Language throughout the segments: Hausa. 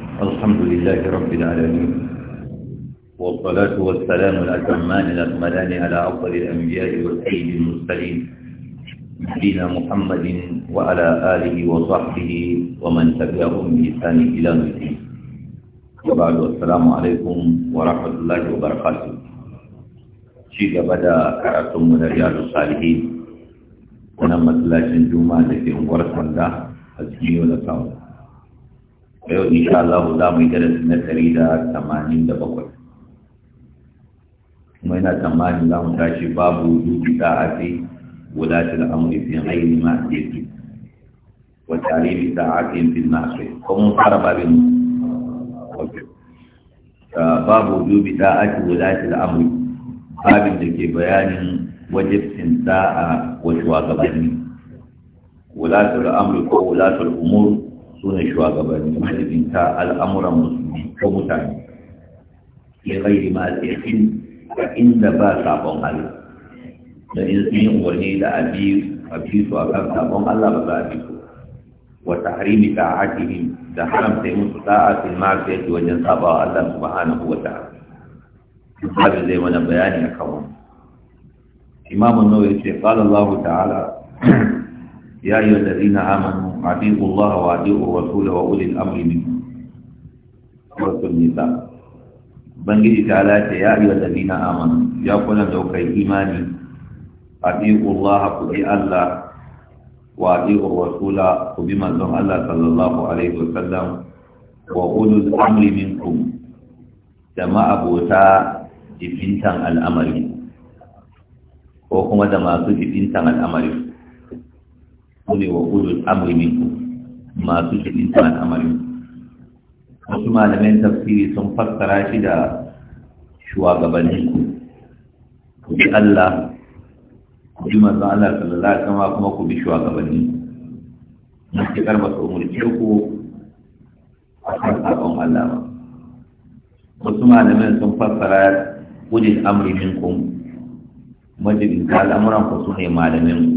الحمد لله رب العالمين والصلاة والسلام الأتمان الأكملان على أفضل الأنبياء والسيد المرسلين نبينا محمد وعلى آله وصحبه ومن تبعهم بإحسان إلى الدين وبعد السلام عليكم ورحمة الله وبركاته شيخ بدأ كرتم من رياض الصالحين ونمت لكن جمعة في أمور الله أسمي ولا تعالى yau insha Allah za mu yi darasi na ɗari da tamanin da bakwai kuma yana tsammanin za mu tashi babu yuki da'ati wulati al'amuri fi aini ma yake wa tarihi da'ati fi nasri ko mun fara babin babu dubi yuki da'ati wulati al'amuri babin da ke bayanin wajibcin wasu wa shugabanni wulatul amri ko wulatul umur su ne shugabanni majibinta al'amuran musulmi ko mutane ya kai ma ma'azirfin a inda ba sabon Allah da in sun yi umarni da abi su a kan sabon Allah ba za a bi su wa ta ta'atihi da haramta yi musu ta da'a fil ma'asiyati wajen sabawa Allah subhanahu wa wata babu zai mana bayani akan wannan imam an-nawawi ce qala ta'ala ya yi wa na amanu أطيعوا الله وأطيعوا الرسول وأولي الأمر منكم سورة النساء بنجي تعالى يا أيها الذين آمنوا يا كنا دوكي إيماني أطيعوا الله كبي الله وأطيعوا الرسول كبي من الله صلى الله عليه وسلم وأولو الأمر منكم كما أبوتا جبنتا الأمر ko kuma da masu jibintan al'amari ne wa ulul amri minku masu cikin tsan amarin wasu malamin tafsiri sun fassara shi da shugabanninku ku bi Allah ku bi manzon Allah sallallahu alaihi wasallam kuma ku bi shugabanni matuƙar ba su umurce ku a kan sabon Allah ba wasu malamin sun fassara gudun amri minkum majibin al'amuran ku su ne malamin ku.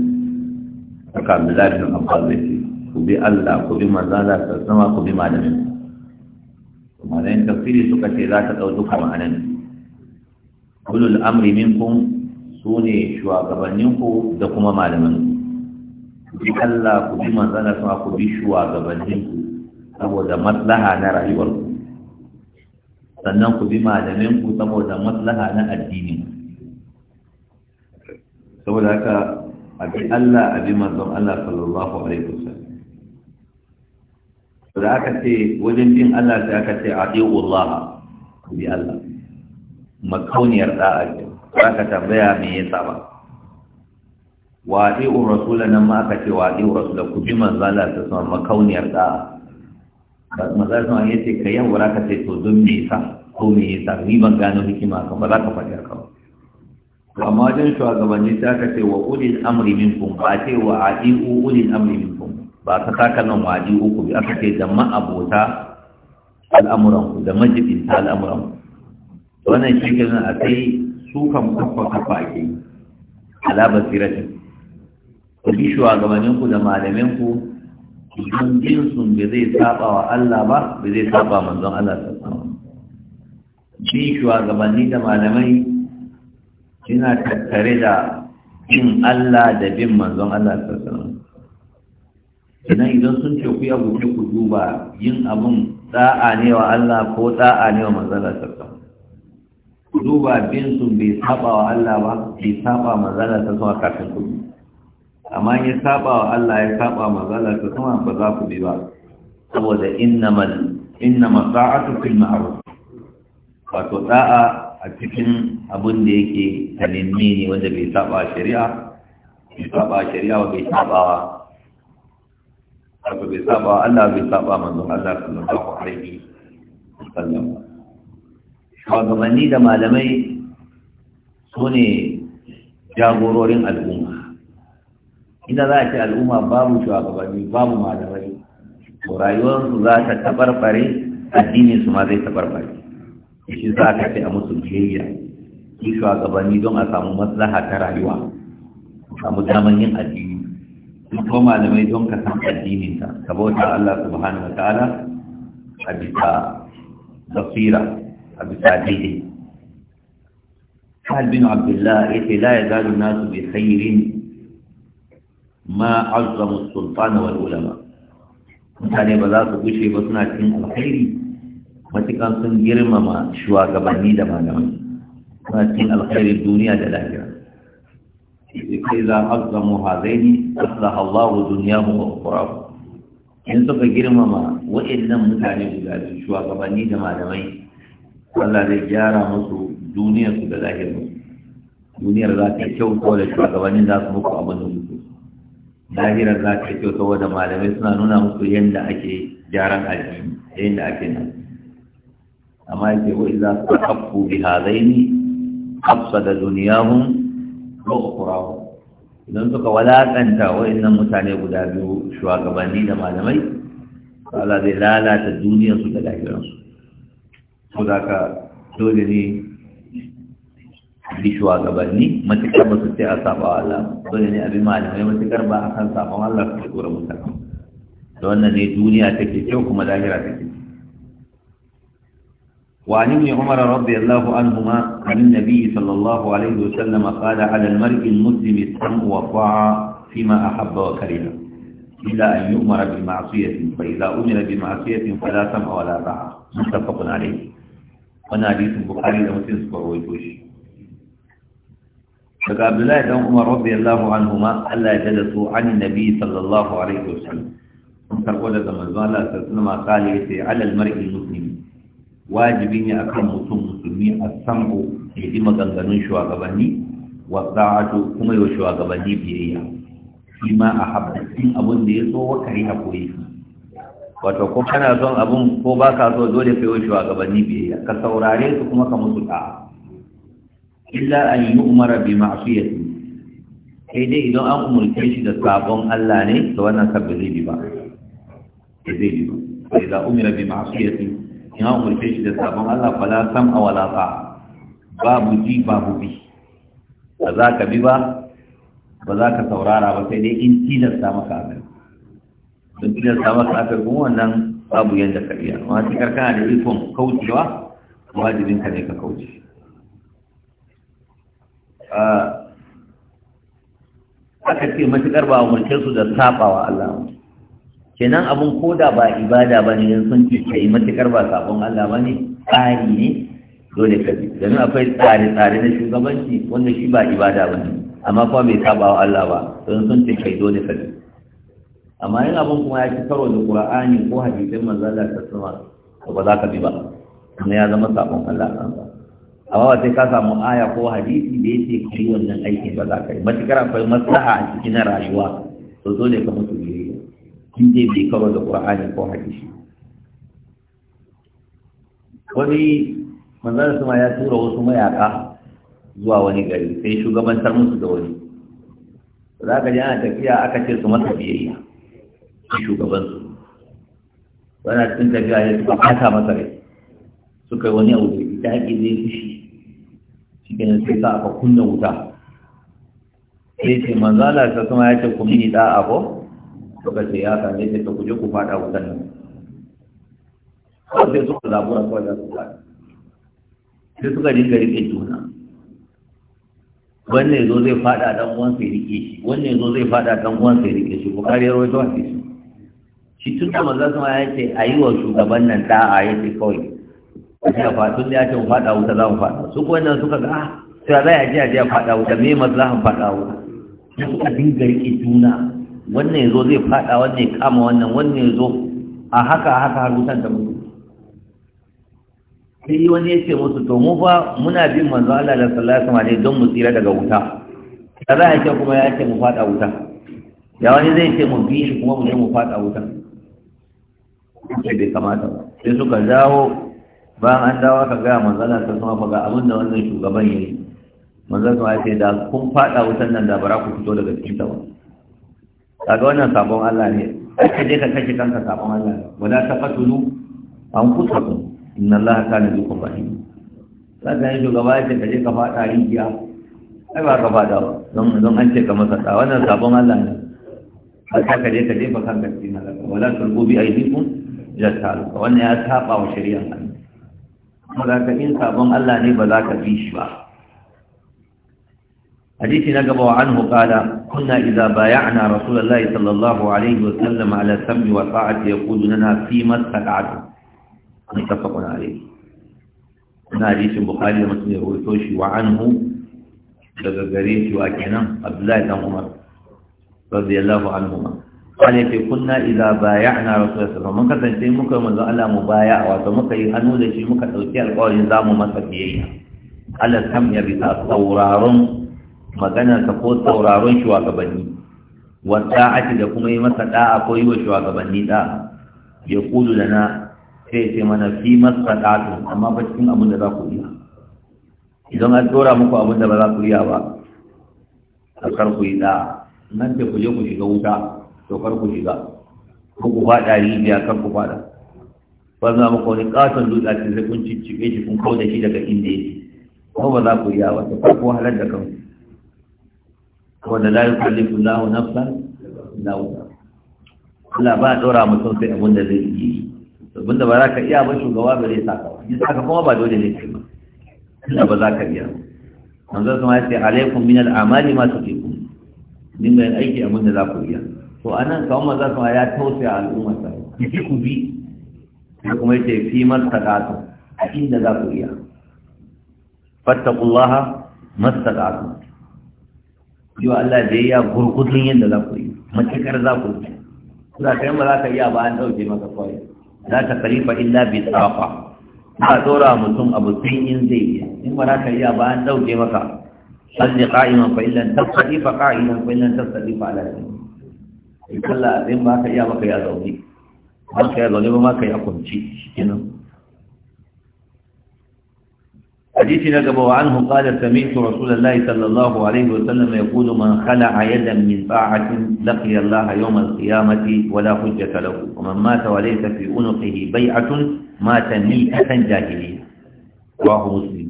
haka abdullahi bin abbas zai ce ku bi allah ku bi manzala sama ku bi malamin yin tafsiri suka ce za ta ɗau duka ma'anan ulul amri minkum su ne shugabanninku da kuma Ku bi allah ku bi manzala sama ku bi shugabanninku saboda maslaha na rayuwarku sannan ku bi malaminku saboda maslaha na addini saboda haka abi Allah abi manzon Allah sallallahu alaihi wasallam da aka ce wajen bin Allah sai aka ce adiu Allah bi Allah makauniyar da'a za ka tambaya me yasa ba wa adiu rasul nan ma aka ce wa adiu rasul ku bi manzon Allah ta san makauniyar da'a manzon Allah yace kayan wara ka ce to don me yasa ko me yasa ni ban gano hikima kan ba za ka faɗi haka ba amma wajen shugabanni ta ka ce wa ulil amri minkum ba ce wa adi'u ulil amri minkum ba ka saka nan wa adi'u ku bi aka ce da ma'abota al'amuran ku da ta al'amuran wannan shi ke nan a kai sukan kafa kafa ke yi ala basirati ku bi shugabannin ku da malamin ku idan jinsun bai zai saba wa Allah ba bai zai saba manzon Allah sallallahu alaihi wasallam bi shugabanni da malamai yana tattare da bin Allah da bin manzon Allah sassan idan idan sun ce ku ya guje ku duba yin abin tsa'a ne wa Allah ko tsa'a ne wa manzon Allah sassan ku duba bin su bai saba wa Allah ba bai saba manzon Allah sassan kafin ku amma ya saba wa Allah ya saba manzon Allah sassan ba za ku bi ba saboda innamal innamal sa'atu fil ma'ruf wato da'a a cikin abin da yake talimmi ne wanda bai saba shari'a bai saba shari'a ba bai saba wato bai saba Allah bai saba manzon Allah sallallahu alaihi wasallam shugabanni da malamai su ne jagororin al'umma inda za a ce al'umma babu shugabanni babu malamai to rayuwarsu za ta tabarbare addinin su ma zai tabarbare shi za ka fi a musu biyayya su shugabanni don a samu maslaha ta rayuwa samu daman yin addini su ko malamai don ka san ta ka bauta Allah subhanahu wa ta'ala a bisa basira a bisa daidai Sa'ad bin Abdullah yace la yazalu nasu bi khairin ma azzamu sultana wal ulama mutane ba za su gushe ba suna cikin alkhairi matuƙan sun girmama shugabanni da malamai suna cikin alkhairin duniya da lahira kai za a zamo hazaini aslaha Allah wa duniyahu kura ukhrahu in suka girmama waɗannan mutane guda biyu shugabanni da malamai Allah zai gyara musu duniyar su da lahir musu duniyar za ta kyau saboda shugabanni za su muku abin da musu lahirar za ta kyau saboda malamai suna nuna musu yadda ake gyaran addini yadda ake nan amma yake wa idza taqabbu bi hadaini afsada dunyahum wa ukhrahu idan suka walakanta wa'annan mutane guda biyu لما da malamai Allah zai lalata duniyar أنسو da lafiyar su ko da ka dole ne bi matukar ba su a saba Allah dole ne abin malamai matukar ba a kan sabon Allah su mutane da wannan ne duniya take kyau kuma lahira take وعن ابن عمر رضي الله عنهما عن النبي صلى الله عليه وسلم قال على المرء المسلم السمع والطاعة فيما أحب وكره إلا أن يؤمر بمعصية فإذا أمر بمعصية فلا سمع ولا طاعة متفق عليه وانا حديث البخاري تذكر سكرويتوش فقال عبد الله بن عمر رضي الله عنهما ألا جلسوا عن النبي صلى الله عليه وسلم انتقل لما قال إيه؟ على المرء المسلم wajibi ne akan mutum musulmi a sam'u ya ji maganganun shugabanni wa sa'atu kuma yau shugabanni biyayya shi ma a habbatin abin da ya so wa kare haƙuri wato ko kana son abin ko ba ka so dole ka yi shugabanni biyayya ka saurare su kuma ka musu ta'a illa an yi umara bi ma'asiyati sai dai idan an umurce shi da sabon Allah ne to wannan sabbi zai bi ba zai bi ba sai da umira bi ma'asiyati ya an umarce shi da sabon Allah fala sam a wala Ba mu ji ba mu bi ba za ka bi ba ba za ka saurara ba sai dai in tilasta maka akai don tilasta maka akai kuma wannan babu yadda ka biya. amma cikar kana da ikon kaucewa wajibin ka ne ka kauce aka ce matukar ba umarce su da sabawa Allah kenan abun koda ba ibada ba ne sun ce ka yi matukar ba sabon Allah ba ne tsari ne dole ka bi domin akwai tsare-tsare na shugabanci wanda shi ba ibada ba ne amma kuma bai saba wa Allah ba don sun ce kai dole ka bi amma yin abun kuma ya ci karo da Qur'ani ko hadisin manzo Allah ta sama to ba za ka bi ba kuma ya zama sabon Allah ka ba amma ba sai ka samu aya ko hadisi da yake kai wannan aikin ba za ka yi matukar akwai maslaha a cikin rayuwa to dole ka mutu in dai bai karo da ƙur'ani ko hadisi wani manzon sama ya tura wasu mayaka zuwa wani gari sai shugabantar musu da wani za ka ji ana tafiya aka ce su masa biyayya shugabansu wani cikin tafiya ya suka kata masa rai suka yi wani abu da ita haƙi zai fushi shi ke nan sai sa aka kunna wuta sai ce manzana ta ya ce kuma ni da'a ko suka ce ya same ta ta kuje ku fada wutan nan kawai sai suka labura kawai za su fada sai suka dinga rike juna wannan zo zai fada dan uwan sai rike shi wannan zo zai fada dan uwan sai rike shi bukari rawai to hadisi shi tun da manzon sama ya ce a yi wa shugaban nan da'a ya ce kawai A ce a tun ya ce mu fada wuta za mu fada su ko nan suka ga ah, a? sai za a je a je a fada wuta me maslahan fada wuta sai suka dinga rike juna wannan ya zo zai faɗa wannan ya kama wannan wannan ya zo a haka a haka har wutan ta mutu sai wani ya ce musu to mu fa muna bin manzo Allah da sallallahu alaihi wasallam don mu tsira daga wuta da za a ce kuma ya ce mu faɗa wuta ya wani zai ce mu bi shi kuma mu je mu faɗa wuta sai bai kamata ba sai suka dawo bayan an dawo ka gaya manzo Allah sallallahu alaihi wasallam ga abin da wannan shugaban yayi manzo sallallahu alaihi wasallam ya ce da kun faɗa wutan nan da bara ku fito daga cikin ta ba kaga wannan sabon Allah ne ai ka je ka kashe kanka sabon Allah ne wala taqatulu ku inna Allah kana bikum rahim kaga yin shugaba ya ce ka je ka fada rijiya ai ba ka fada ba don don an ce ka masa da wannan sabon Allah ne Ka ka ka je ka je ba kan gaske na wala tulqu bi aydikum ila ta'ala wannan ya saba wa shari'an Allah kuma in sabon Allah ne ba za ka bi shi ba hadisi na gaba wa anhu qala kunna idza bay'ana rasulullahi sallallahu alaihi wa sallam ala sam'i wa ta'ati yaqulu lana fi ma saqatu muttafaqun alayhi na hadisin da ya rawaito shi wa anhu daga gare shi wa kenan abdullahi dan umar radiyallahu anhu قال في كنا إذا بايعنا رسول الله صلى الله عليه وسلم من كتن شيء مكة من ذا الله مبايع وتمك يهنو ذا شيء مكة توتي القول نظام مسكيين على السمع بتاع ثورارون maganarsa ko sauraron shugabanni ake da kuma yi masa da ko yi wa shugabanni da ya kudu da na sai sai mana fi masa da'a amma ba cikin abin da za ku iya idan an tsora muku abin da ba za ku iya ba a kar ku yi da nan da ku je ku shiga wuta to kar ku shiga ko ku faɗa rijiya kar ku faɗa ba za mu kawai katon dutse a cikin kun cicciɓe shi kun kawo da shi daga inda yake ko ba za ku iya ba ta kar ku halar da kanku wanda la yukallifu Allahu nafsan illa wusa Allah ba dora mutum sai abin da zai yi abin da ba za ka iya ba shugaba ba zai saka ba in saka kuma ba dole ne kai ba Allah ba za ka iya ba manzo sama ya ce alaikum min al-amali ma tuqikum din mai aiki abin da za ku iya to anan kawo manzo sama ya tausaya al'umma ta ku bi kuma ce, fi masakatu a inda za ku iya fattaqullaha masakatu yi wa Allah da ya gurgudun yadda za ku yi matakar za ku yi za ka yi ba za ka iya ba an ɗauke maka kawai za ta kalifa illa bi tsafa ba tsora mutum abu sun in zai iya in ba za ka iya ba an ɗauke maka salli qa'iman fa illan tasadi fa qa'iman fa illan tasadi fa ala in kalla abin ba ka iya maka ya zaune ba ka ya zaune ba ma ka ya kunci kenan حديث نجب عنه قال سمعت رسول الله صلى الله عليه وسلم يقول من خلع يدا من طاعة لقي الله يوم القيامة ولا حجة له ومن مات وليس في أنقه بيعة مات ميتة جاهلية رواه مسلم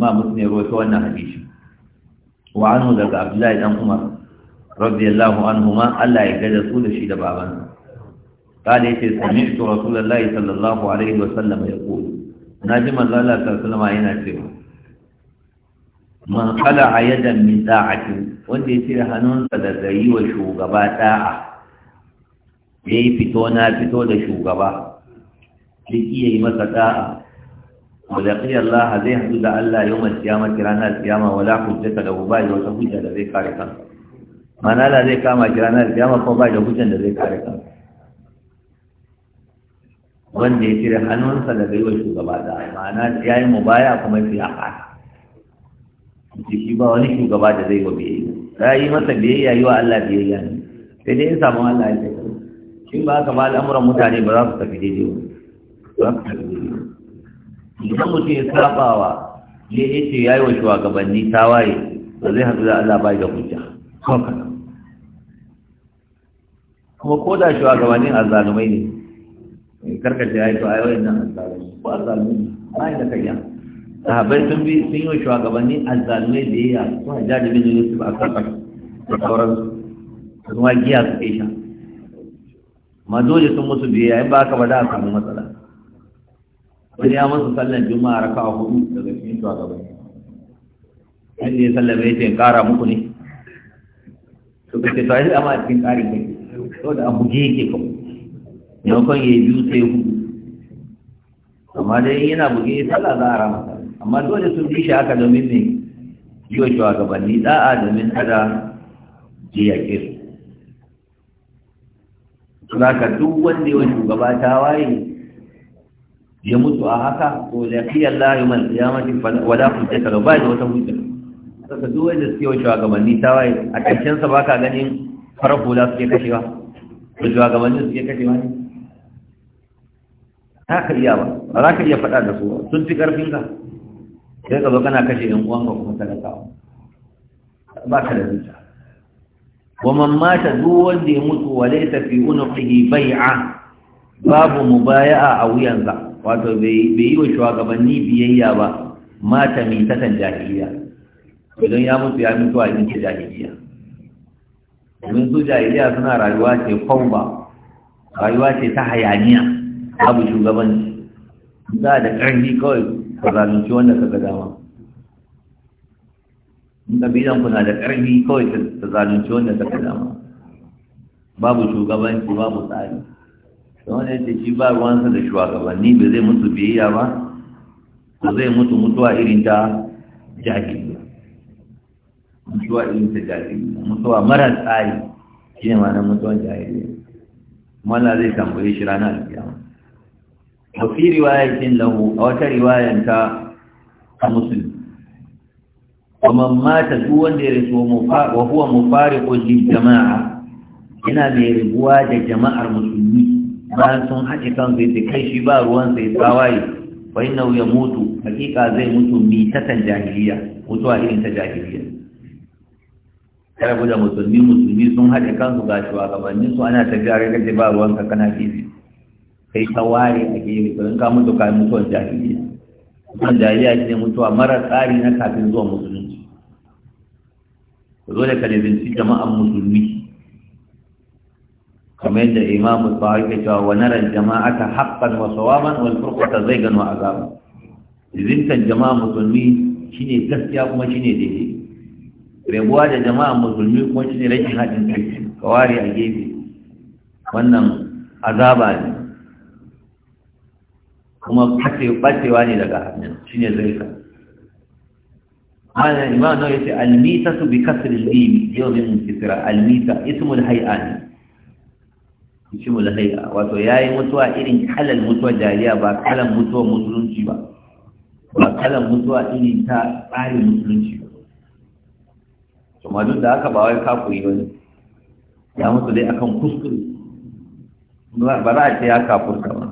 ما مسلم رويته أن حديث وعنه ذلك عبد الله بن عمر رضي الله عنهما ألا يجد سود الشيء بابا قال سمعت رسول الله صلى الله عليه وسلم يقول na ji manzala ma yana cewa man kala a yadan min da'ati wanda ya cire hannunsa da yi wa shugaba ta'a. ya yi fito na fito da shugaba duk iya yi masa da'a mulaƙi Allah zai haɗu da Allah yau mai siyama na siyama wala hujjata da ba da wata hujja da zai kare kansa manala zai kama ranar siyama ko ba da hujjan da zai kare kansa wanda ya cire hannunsa daga yi wa shugaba da ma'ana ya yi mubaya kuma ya fi a fata shi ba wani shugaba da zai wa biyayya za yi masa biyayya yi wa Allah biyayya ne sai dai in samu Allah ya tafi shi ba ka ba al'amuran mutane ba za su tafi daidai ba za su tafi daidai idan mutum ya sabawa ne ya ce ya yi wa shugabanni tawaye ba zai haɗu da Allah ba da hujja kuma ko da shugabannin azzalumai ne karkace ya yi to ayoyin nan azzalumi a azzalumi ba da kariya sahabai sun bi sun yi wa shugabanni azzalumai da ya yi su hajjaji bin yusuf a kan ƙasa da su, kuma giya su ke sha ma dole sun musu biye yayin ba haka ba za a samu matsala wani ya musu sallan juma'a raka a hudu daga cikin shugabanni wanda ya sallame ya ce kara muku ne to kace to a yi ai a cikin tsarin kai to da abu ge yake kuma yau kan yi biyu sai ku amma dai yana buge sallah za a rama amma dole sun bi shi haka domin mai yi wa gabanni da'a domin kada je ya ke su za ka duk wanda yawan shugaba ta waye ya mutu a haka ko da fiyar yi man tsiyamati wada kun ta ba da wata hujja saka duk wanda suke wa shugabanni ta waye a ƙarshen sa ba ka ganin farko da suke kashewa da shugabanni suke kashewa ne ta ka iya ba ba za ka iya faɗa da su sun fi ƙarfin ka sai ka zo kana kashe yan uwan ka kuma talakawa ba ka da zuciya wa man mata duk wanda ya mutu wa laysa fi unqihi bai'a babu mubaya'a a wuyansa wato bai yi wa shugabanni biyayya ba mata mai takan jahiliya idan ya mutu ya mutu a yanke jahiliya domin su jahiliya suna rayuwa ce kwamba rayuwa ce ta hayaniya babu shugabanci za da ƙarfi kawai ka zalunci wanda ka ga dama in ƙabilan ku na da ƙarfi kawai ka zalunci wanda ka ga dama babu shugabanci babu tsari da wanda yake shi ba ruwansa da shugabanni ba zai mutu biyayya ba ba zai mutu mutuwa irin ta jahiliya mutuwa irin ta jahiliya mutuwa mara tsari shi ne ma'anar na mutuwan jahiliya kuma Allah zai tambaye shi ranar alkiyama wa fi riwayatin lahu a wata riwayan musulmi kuma mata duk wanda ya rasu wa huwa mufariqun jama'a yana mai ribuwa da jama'ar musulmi bayan sun haɗe kan zai kai shi ba ruwan sai tsawaye wa inna ya mutu hakika zai mutu mitatan jahiliya mutuwa irin ta jahiliya karabu da musulmi sun haɗe kansu ga shugabannin su ana tafiya kai kace ba ruwan ka kana kifi kai ta ware a gefe to in ka mutu ka mutuwan jahiliya mutuwan jahiliya shi ne mutuwa mara tsari na kafin zuwa musulunci ku zo da kalibinci jama'an musulmi kamar yadda imamu tsawai ke cewa wa naran jama'ata haqqan wa sawaman wal zai gano a azaban izintan jama'a musulmi shine gaskiya kuma shine daidai rabuwa da jama'a musulmi kuma shine rashin haɗin kai ka ware a gefe wannan azaba ne kuma batewa ne daga hannun shi ne zirka ma'ana imam nau ya ce almita su bi kasirin limi yau min kisira almita ismul hai'a ne ismul hai'a wato ya yi mutuwa irin kalan mutuwa jariya ba kalan mutuwa musulunci ba ba kalan mutuwa irin ta tsarin musulunci ba kuma duk da aka ba wai yi wani ya mutu dai akan kuskure ba za a ce ya kafurta ba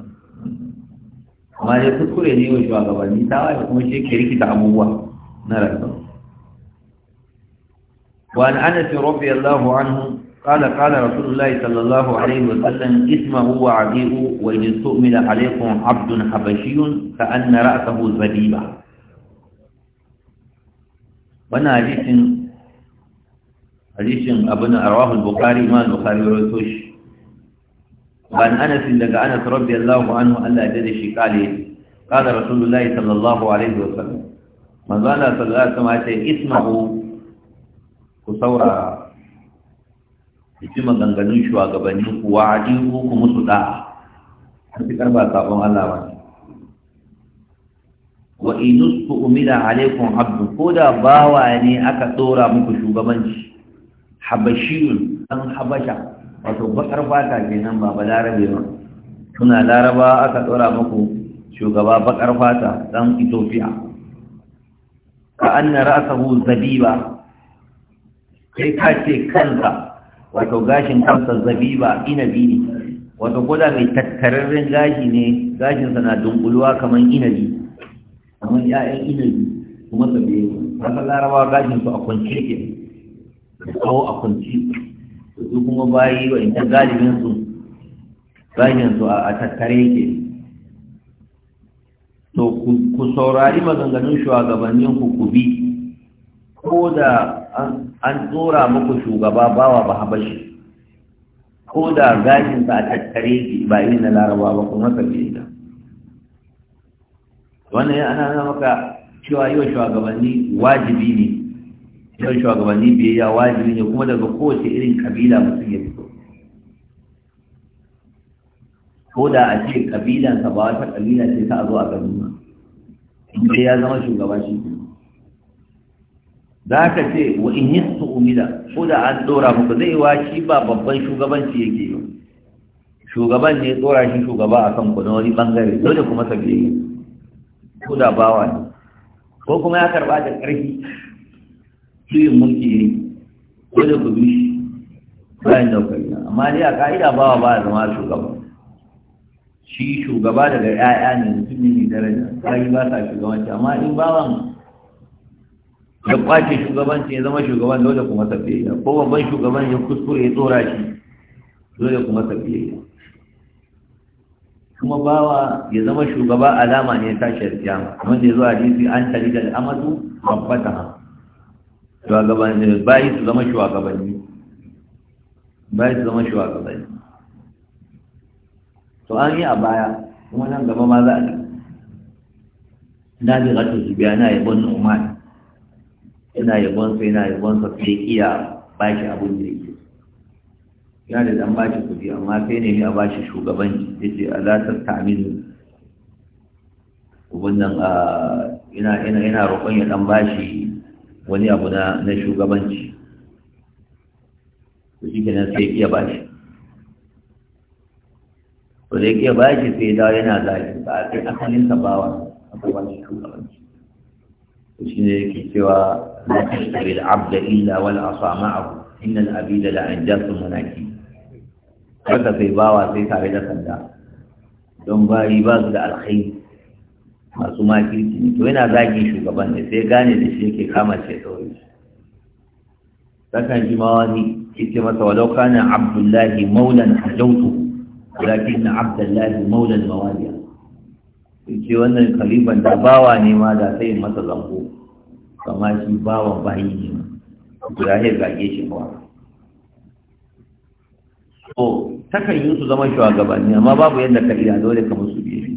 amma dai kuskure ne wa shugabanni ta waye kuma shi ke rikita abubuwa na rayuwa وعن أنس رضي الله عنه قال قال رسول الله صلى الله عليه وسلم اسمه وعبيه وإن استؤمن عليكم عبد حبشي فأن رأسه زبيبة وانا حديث حديث ابن أرواه البخاري ما البخاري ورسوش وعن أنس لك أنس رضي الله عنه ألا جدش قال qala rasulullahi sallallahu alaihi wasallam manzo Allah sallallahu alaihi wasallam ku saurara ki maganganun shugabannin ku wa'adin ku ku musu da sai karba sabon Allah ba wa inus ku umila alaikum abdu ko da bawa ne aka tsora muku shugabanci habashiyun an habasha wato bakar fata kenan ba ba larabe ba suna laraba aka tsora maku. shugaba bakar fata dan Ethiopia ka anna ra'sahu zabiba Kai ka ce kanka wato gashin kansa zabiba inabi ne wato goda mai tattararren gashi ne gashin sa na dunkuluwa kaman inabi kaman ya'yan inabi kuma sabiye kasar larabawa gashin su a kwance ke kawo a kwance su kuma bayi wa in galibin su gashin su a tattare ke to ku saurari maganganun shugabannin ku ku bi ko da an tsora muku shugaba bawa ba habashi ko da gashin ba a tattare ba yi na laraba ba kuma ka bi da wannan ya ana maka cewa yau shugabanni wajibi ne yau shugabanni biyayya wajibi ne kuma daga kowace irin kabila mutum ya fito ko da a ce ƙabilansa ba wata kabila ce ta zo a garin ba sai ya zama shugaba shi ne za ka ce wa in yi su umida ko da an tsora muku zai wa shi ba babban shugabanci yake yi shugaban ne tsora shi shugaba a kan kuna wani bangare dole kuma sabi yi ko da bawa ne ko kuma ya karba da ƙarfi juyin mulki ne da ku bi shi bayan daukar amma dai a ka'ida bawa ba a zama shugaba shi shugaba daga ‘ya'ya ne mutum ne mai daraja bayi ba sa shugabanci amma in bawan ya kwace shugabanci ya zama shugaban dole kuma tafiya ko babban shugaban ya kuskure ya tsora shi dole kuma tafiya kuma bawa ya zama shugaba alama ne ta shirya kamar da ya zo jisi an tali da amadu babbata shugabanni bayi su zama shugabanni bayi su zama shugabanni to an yi a baya kuma nan gaba ma za a yi bi gatu su biya na yabon umar yana yabon sa yana yabon sa sai iya bashi abin da yake ya da ba bashi kudi amma sai ne a bashi shugabanci yace alatar ta'minu wannan a ina ina ina roƙon ya dan bashi wani abu na shugabanci to shi kenan sai iya bashi to da yake ba shi sai da yana zaki ba a kai asalin sa bawa abubuwan shi shugabanci to shi ne yake cewa la tashtabi abda illa wal asa ma'ahu innal abida la anjasu manaki kada sai bawa sai tare da sanda don bayi ba su da alkhairi masu makirci ne to yana zagi shugaban ne sai gane da shi yake kama ce sauri sakan ji ma wani yake masa walau kana abdullahi maulan hajautu lakin na abdullahi maulan mawaliya ce wannan kaliban da bawa ne ma da sai masa zango kama shi bawa bayi ne ma ibrahim gage shi ba so takan yi su zama shugabanni amma babu yadda ka iya dole ka musu biye shi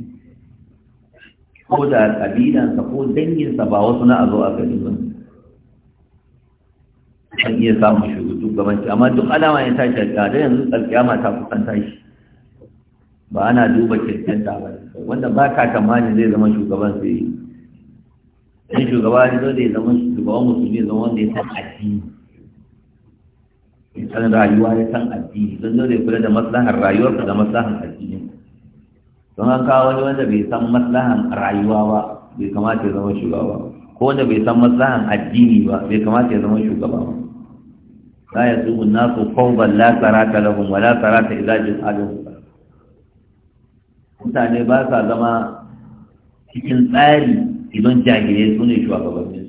ko da kabilansa ko danginsa ba wasu na a zo a gari ba kan iya samun shugabanci amma duk alama ya tashi a da yanzu alkiyama ta kusan tashi ba ana duba cancanta ba wanda ba ka tamani zai zama shugaban sai yi ɗan shugaba ne zai zama shugaban musulmi zama wanda ya san addini ya san rayuwa ya san addini don zai kula da maslahar rayuwarsa da maslahar addini don an kawo wani wanda bai san maslahar rayuwa ba bai kamata ya zama shugaba ko wanda bai san maslahar addini ba bai kamata ya zama shugaba ba la yasubu nasu qawban la sarata lahum wa la sarata ila jihadihim mutane ba sa zama cikin tsari idan jahilai su ne shugabanni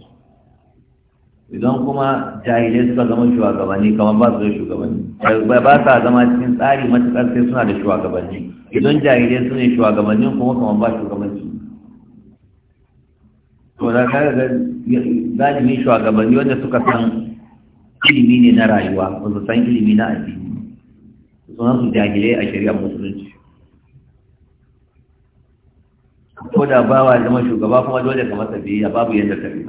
su idan kuma jahilai suka zama shugabanni kamar ba su da shugabanni ba sa zama cikin tsari matuƙar sai suna da shugabanni idan jahilai su ne shugabannin kuma kamar ba shugabanci to da kaga ga zalimin shugabanni wanda suka san ilimi ne na rayuwa ba su san ilimi na addini sunan su jahilai a shari'ar musulunci ko da bawa zama shugaba kuma dole ka masa biyayya babu yadda ka yi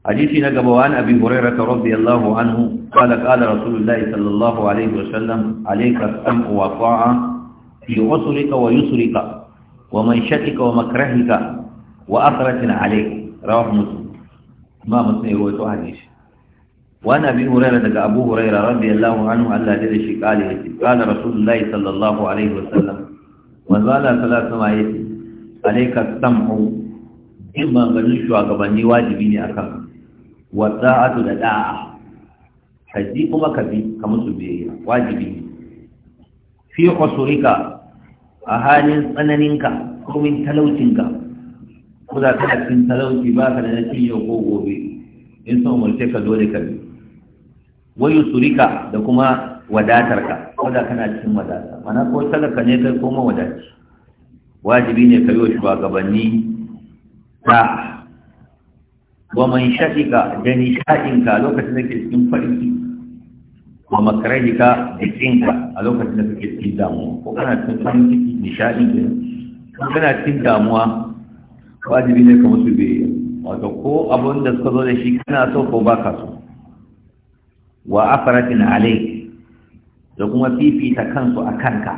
حديث نقب عن أبي هريرة رضي الله عنه قال قال رسول الله صلى الله عليه وسلم عليك السمع والطاعة في عسرك ويسرك ومنشتك ومكرهك وأثرة عليك رواه مسلم ما مسلم يرويته حديث وأن أبي هريرة أبو هريرة رضي الله عنه ألا جل قال قال رسول الله صلى الله عليه وسلم manzo Allah sallallahu alaihi wasallam alayka sam'u in maganin shugabanni wajibi ne akan wa da'atu da da'a haji kuma ka bi ka musu biyayya wajibi fi qusurika a halin tsananinka komin talaucinka ko da kana cikin talauci ba ka da na cinye ko gobe in son umarce ka dole ka bi wayu surika da kuma wadatar ka ko da kana cikin wadata mana ko talaka ne kai ko wadaci. wajibi ne ka yi shugabanni ta wa man shafika da nishaɗinka lokacin da ke cikin farin ciki wa makarahika da tsinka a lokacin da kake cikin damuwa ko kana cikin farin ciki nishaɗin ke ko kana cikin damuwa wajibi ne ka musu biyayya wato ko abin da suka zo da shi kana so ko ba ka so wa afaratin alaik da kuma fifita kansu a kanka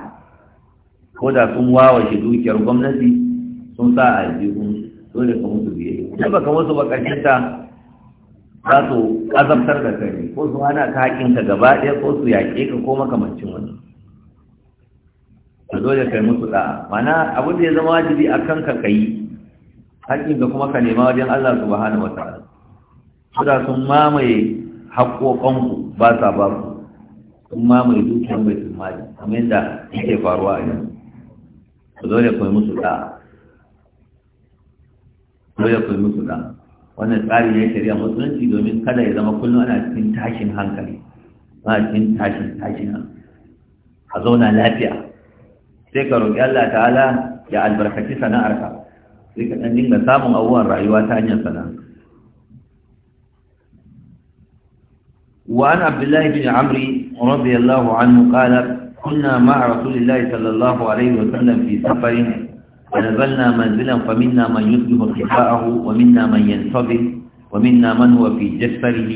ko da sun wawashe dukiyar gwamnati sun sa a jihun dole ka musu biye ba baka musu ba ƙarshen ta za su azabtar da kai ko su hana ka ka gaba ɗaya ko su yaƙe ka ko makamancin wani ka dole kai musu da mana abin da ya zama wajibi a kanka ka yi ka kuma ka nema wajen Allah subhanahu wa ta'ala su da sun mamaye haƙoƙonku ba sa ba ku sun mamaye dukiyar mai tsammani, kamar yadda yake faruwa a yanzu ku dole ku musu da dole ku musu da wannan tsari ne shari'a musulunci domin kada ya zama kullum ana cikin tashin hankali ana cikin tashin tashin hankali a zauna lafiya sai ka roƙi Allah ta'ala ya albarkaci sana'arka sai ka ɗan dinga samun abubuwan rayuwa ta hanyar sana'a وعن عبد الله بن عمرو رضي الله عنه قال كنا مع رسول الله صلى الله عليه وسلم في سفر ونزلنا منزلا فمنا من يصبح خفاءه ومنا من ينصبه ومنا من هو في جسره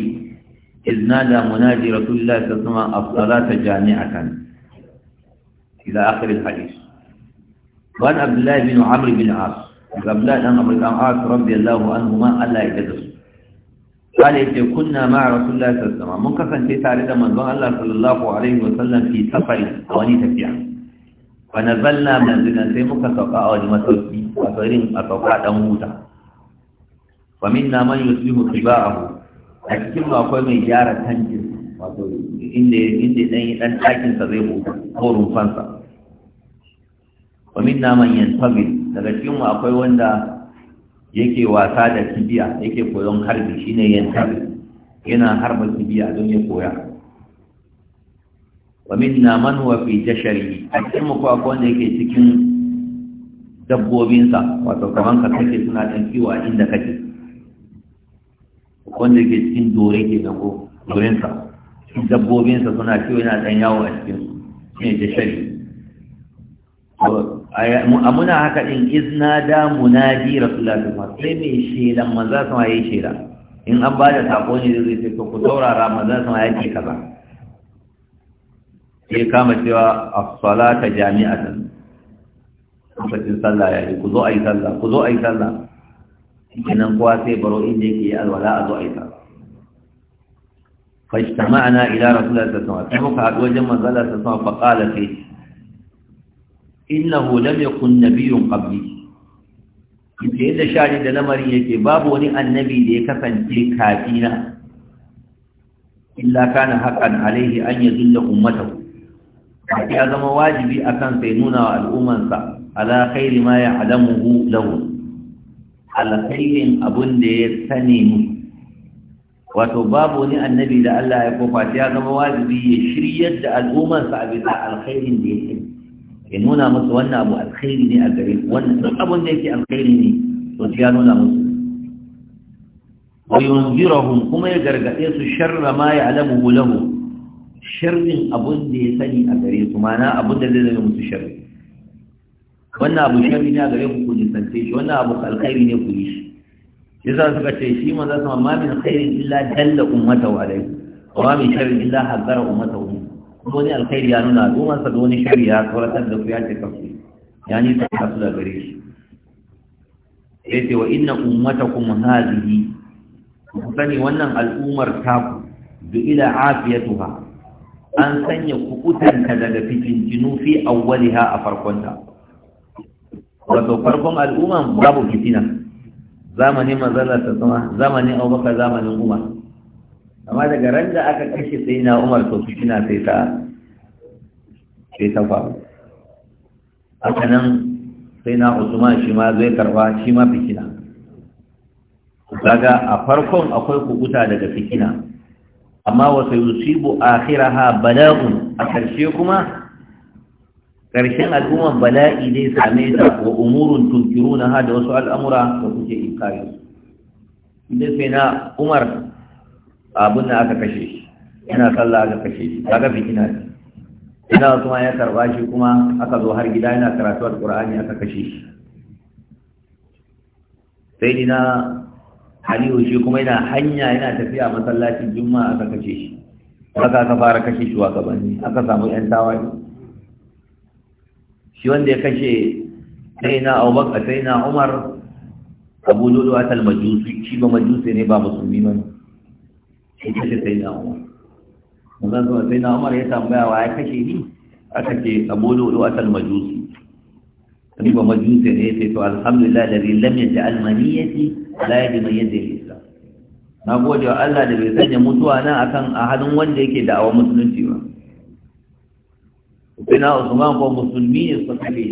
إذ نادى منادي رسول الله صلى الله عليه وسلم الصلاة جامعة إلى آخر الحديث وعن عبد الله بن عمرو بن عاص عبد الله بن عمرو بن عاص رضي الله عنهما ألا يجلس قال يتي كنا مع رسول الله صلى الله عليه وسلم من كسنتي تare da manzon Allah sallallahu alaihi wasallam fi safar wani tafiya fa nazalna manzilan sai muka sauka a wani masauki a garin a sauka dan huta fa minna man yuslihu tibaahu a cikin akwai mai gyara tankin inda inda dan zai huta ko rumfansa wa minna man yantazir daga cikin akwai wanda yake wasa da kibiya yake koyon harbi shine yin harbi yana harba kibiya don ya koya wa na man huwa fi jashari a cikin mu ko akwai wanda yake cikin dabbobinsa wato kaman ka kake suna ɗan kiwo a inda kake wanda yake cikin dore ke nan ko dorensa dabbobinsa suna kiwo yana ɗan yawo a cikin su shine jashari A muna haka in izna da munadi rasulullahi sallallahu alaihi wasallam sai mai shela maza sama yayi shela in an bada sako ne zai ce to ku saurara maza sama yake kaza sai kama cewa as-salata jami'atan lokacin sallah ya yi ku zo a yi sallah ku zo a yi sallah kenan kuwa sai baro inda yake yi alwala a zo a yi sallah fajtama'na ila rasulullahi sallallahu alaihi wasallam fa haɗu wajen manzala sallallahu alaihi wasallam fa qala fi innahu lam yakun nabiyyun qabli ita yadda shari da lamarin yake babu wani annabi da ya kasance kafina illa kana haqqan alaihi an yadilla ummatahu ya zama wajibi akan sai nuna wa al'ummansa ala khairi ma ya'lamuhu lahu alkhairin abun da ya sani mu wato babu wani annabi da Allah ya kofa ya zama wajibi ya shiryar da al'ummarsa a bisa alkhairin da ya sani ya nuna musu wannan abu alkhairi ne a gare su wannan duk abin da yake alkhairi ne to ya nuna musu wa yunzirahum kuma ya gargaɗe su sharra ma alamu lahu sharrin abun da ya sani a gare su mana abun da zai zama musu sharri wannan abu sharri ne a gare ku ku nisance shi wannan abu alkhairi ne ku yi shi yasa suka ce shi manzo sama ma min khairin illa dalla ummatahu alayhi wa ma min sharrin illa hadara ummatahu wani alkhairi ya nuna al'ummarsa da wani shari'a ya tsoratar da su ya ce ya nisa ta su da gare shi ya ce wa inna kuma hadhihi ku sani wannan al'ummar taku da ila afiyatuha an sanya kukutanta daga jinu fi awwaliha a farkonta wato farkon al'umman babu fitina zamanin mazalla ta zama zamanin abubakar zamanin umar amma daga ran da aka kashe sai na umar to kina sai ta sai ta faru nan sai na usman shi ma zai karba shi ma fikina daga a farkon akwai kukuta daga fikina amma wa sayusibu akhiraha bala'un a karshe kuma ƙarshen al'umman bala'i ne same ta wa umurun tunkiruna ha da wasu al'amura da kuke inkari idan sai na umar abin da aka kashe shi yana sallah aka kashe shi kaga fitina ne ina kuma ya karba shi kuma aka zo har gida yana karatu alqur'ani aka kashe shi sai dina Aliyu shi kuma yana hanya yana tafiya masallacin Juma'a aka kashe shi aka aka fara kashe shi wa gabani aka samu yan tawaye shi wanda ya kashe sai na Abubakar sai na Umar Abu Lulu atal majusi shi ba majusi ne ba musulmi bane sai kashe sai na umar manzan sama sai na umar ya tambaya wa ya kashe ni aka ce abu lulu asal majusi ni ba majusi ne sai to alhamdulillah da lam yaj'al maniyati la yajma yadi al-islam na gode wa Allah da bai sanya mutuwa na akan a hannun wanda yake da'awar musulunci ba sai na Usman ko musulmi ne suka kafe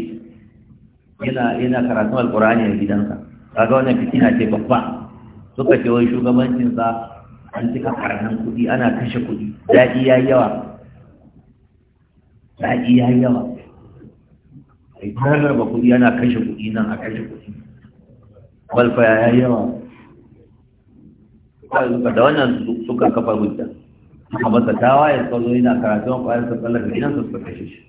yana yana karatun alqur'ani a gidansa kaga wannan fitina ce babba suka ce wai shugabancinsa an cika karamin kuɗi ana kashe kuɗi daɗi ya yi yawa daɗi ya yi yawa a yi rarraba kuɗi ana kashe kuɗi nan a kashe kuɗi kwalfa ya yi yawa da wannan suka kafa hujja suka masa dawa ya tsaro yana karatun kwayar sa tsallar gidan su suka kashe shi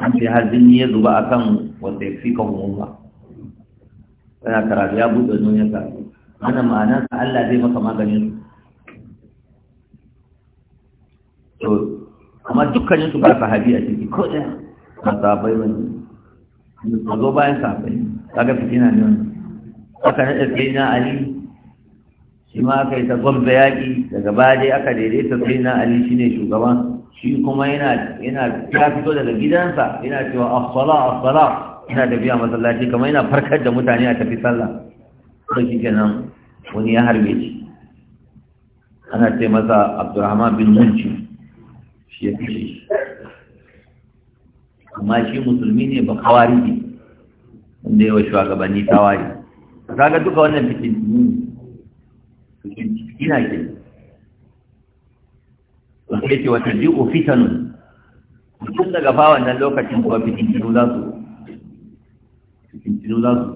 an ce har jini ya zuba kan wanda ya fi kan umma yana karatu ya buɗe nuna karatu wannan ma'ana Allah zai maka maganin su to amma dukkanin su ba haɗi a ciki ko ɗaya ba sahabai ba ne a zo bayan sahabai kaga fitina ne wani aka naɗa sai na ali shi ma aka yi ta gwamza yaƙi daga baya dai aka daidaita sai na ali shi ne shugaba shi kuma yana yana ya fito daga gidansa yana cewa as-sala as-sala yana tafiya masallaci kamar yana farkar da mutane a tafi sallah sai shi kenan wani ya harbe shi ana ce masa abdulrahman bin Munci shi ya amma shi musulmi ne ba kawari ne wanda yawa shugabanni tawari kaga duka wannan fitin fitin ina ke wanda yake wata ji'u fitanun mutum daga fa wannan lokacin kuwa fitin tinu za su fitin tinu za su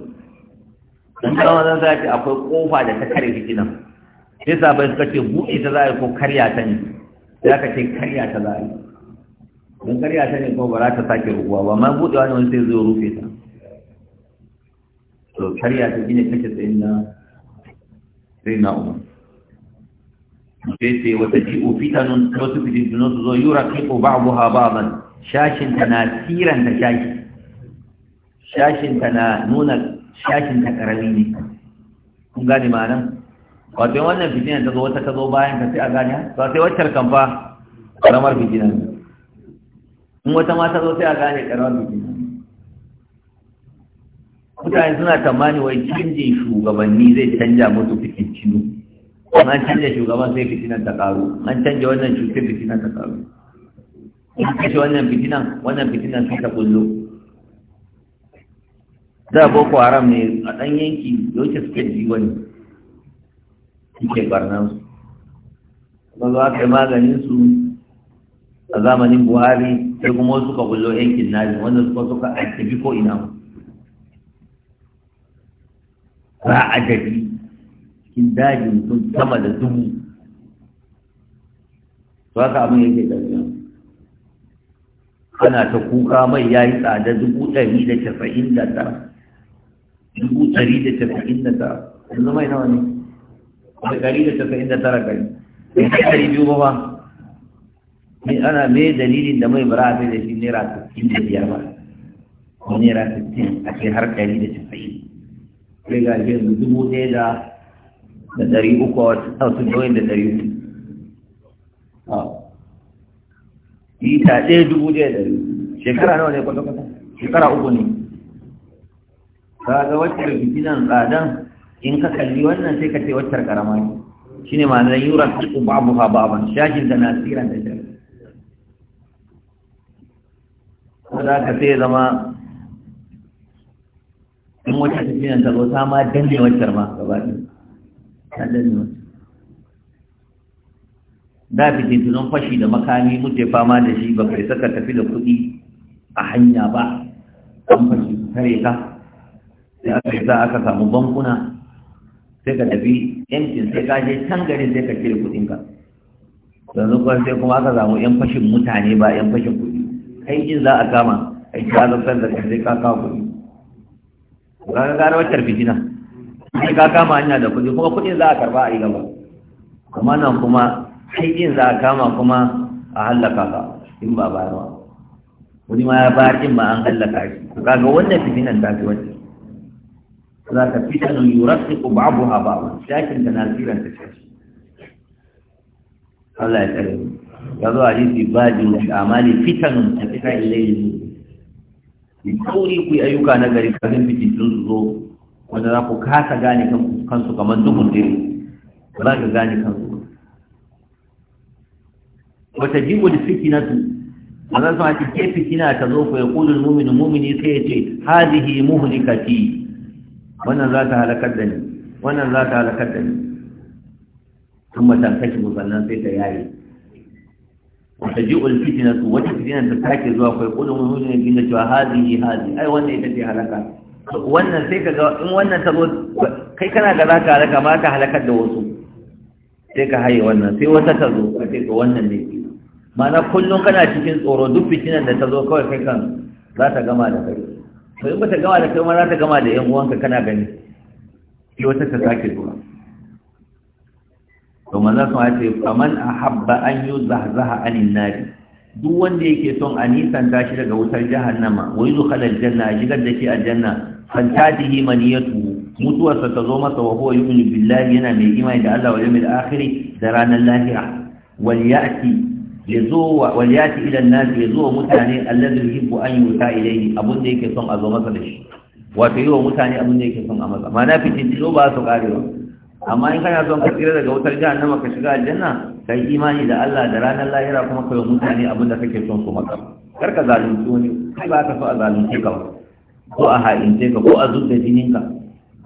don kawai zan za akwai kofa da ta kare fitinan sai sabai suka ce buɗe ta za a yi ko karya ta ne ya ka ce karya ta don karya ta ne kuma ba za ta sake ruwa ba ma buɗewa ne wani sai zai rufe ta to karya ta gina kake tsayin na sai na umar sai ce wata ji'u nun? wasu fitintunan su zo yura kiko ba'abuha ba'aban shashin ta na tiranta shashi shashin ta na nuna shashin ta karami ne kun gane ma'anar wato wannan fitinan ta zo wata ta zo bayan ka sai a gane ba sai waccar kan fa karamar fitinan in wata ma ta zo sai a gane karamar fitina. mutane suna tamani wai canjin shugabanni zai canja musu fitintinu in an canja shugaban sai fitinan ta karu an canja wannan cutar fitinan ta karu in ce wannan fitinan wannan fitinan sai ta kullo da boko haram ne a ɗan yanki ce suke ji wani suke barnan su kuma za ka yi maganin su a zamanin buhari sai kuma wasu ka bullo yankin nazi wanda suka suka aiki ko ina ba a dabi cikin daji sun sama da dubu Su haka abin yake ɗauke ana ta kuka mai ya yi tsada dubu ɗari da casa'in da ta dubu ɗari da casa'in da ta yanzu mai nawa ne da ɗari da tasa'in inda tara gari in ka yi biyu ba ni ana me dalilin da mai bara a da shi nera sittin da biyar ba ko naira sittin a ce har ɗari da tafi sai ga shi dubu ɗaya da da uku a wasu doyin da dari uku ah. ta ɗaya dubu ɗaya da shekara nawa ne kwata-kwata shekara uku ne ga wacce fitinan tsadan in ka kalli wannan sai ka ce waccar karama ne shine ma'anar yura tuku babu ha baban shashin da tsiran da shashin ko za ka sai zama in wata tafiyan ta zo ta ma danne waccar ma gaba ɗaya ta danne waccar da fitintunan fashi da makami muke fama da shi ba kai saka tafi da kuɗi a hanya ba an fashi kare ka sai aka yi za aka samu bankuna sai ka tafi yankin sai ka je can garin sai ka cire kuɗin ka yanzu kuma sai kuma aka samu yan fashin mutane ba yan fashin kuɗi kai in za a kama a yi ta zartar da sai ka kawo kuɗi ka ga gara wacce fitina sai ka kama hanya da kuɗi kuma kuɗin za a karba a yi gaba kuma nan kuma kai in za a kama kuma a hallaka ka in ba bayarwa wani ma ya bayar in ba an hallaka shi ga wannan fitinan ta fi wancan za ka fi tanu yurassiku babu ha babu shakin da nasiran ta shashi Allah ya tsare ya zo hadisi bajin shi amali fitanun ta fita ilayhi ne sauri ku yi ayyuka na gari kafin bikin sun zo wanda za ku kasa gane kansu kamar duhun dare za ka gane kansu wata jibu da fitinatu a zan sama ce fitina ta zo ku ya kulul mumini mumini sai ya ce hadihi muhlikati wannan za ta halakar da ni wannan za ta halakar da ni tun matan kashi musallan sai ta yaye wata ulfiti fitina su wata fitina ta take zuwa kai mun mutum ne gina cewa hazi hazi ai wannan ita ce halaka wannan sai ka ga in wannan ta zo kai kana ga za ka halaka ma ka halakar da wasu sai ka haye wannan sai wata ta zo ka ce ga wannan ne ma'ana kullum kana cikin tsoro duk fitinan da ta zo kawai kai kan za ta gama da kai ba in bata gama da kai ma za ta gama da yan uwanka kana gani ki wata ta sake zuwa to manzo sun ce faman ahabba an yuzahzaha anin nari duk wanda yake son a nisanta shi daga wutar jahannama wa yudkhala janna a shigar da ke shi aljanna fantatihi maniyatu mutuwarsa ta zo masa wa huwa yu'minu billahi yana mai imani da Allah wal yawmil akhir da ranar lahira wal ya'ti ya zo wa waliyati idan nasi ya wa mutane allazi yuhibbu an yuta ilayhi abun da yake son a zo masa da shi wato yi wa mutane abun da yake son a masa ma na fitintino ba su kare ba amma in kana son ka tsira daga wutar jahannama ka shiga aljanna kai imani da Allah da ranar lahira kuma kai mutane abun da kake son su maka kar ka zalunci wani kai ba ka so a zalunci ka ba ko a ha'ince ka ko a zubda ka.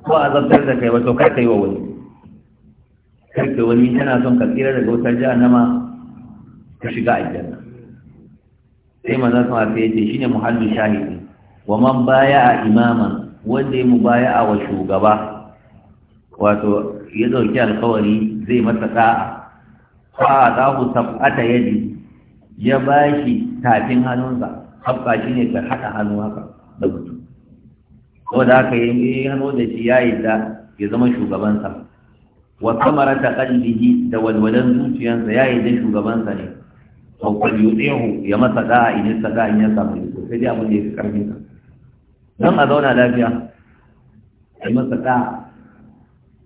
ko a zartar da kai wato kai ka yi wa wani karka wani kana son ka tsira daga wutar jahannama ka shiga aljanna sai manzon sa ya ce shine muhallu shahidi wa man baya'a imaman wanda ya mubaya'a wa shugaba wato ya dauki alkawari zai masa da'a fa hu sab'ata yadi ya bashi tafin hannunsa hafka shine ka hada hannu haka da mutum wanda aka yi hannu da shi ya yi da ya zama shugabansa wa kamar ta kalbihi da walwalan zuciyansa ya yi da shugabansa ne aw qad ya masa da in ya sada in ya samu iko sai dai abin da fi karfin ka dan a zauna lafiya yi masa da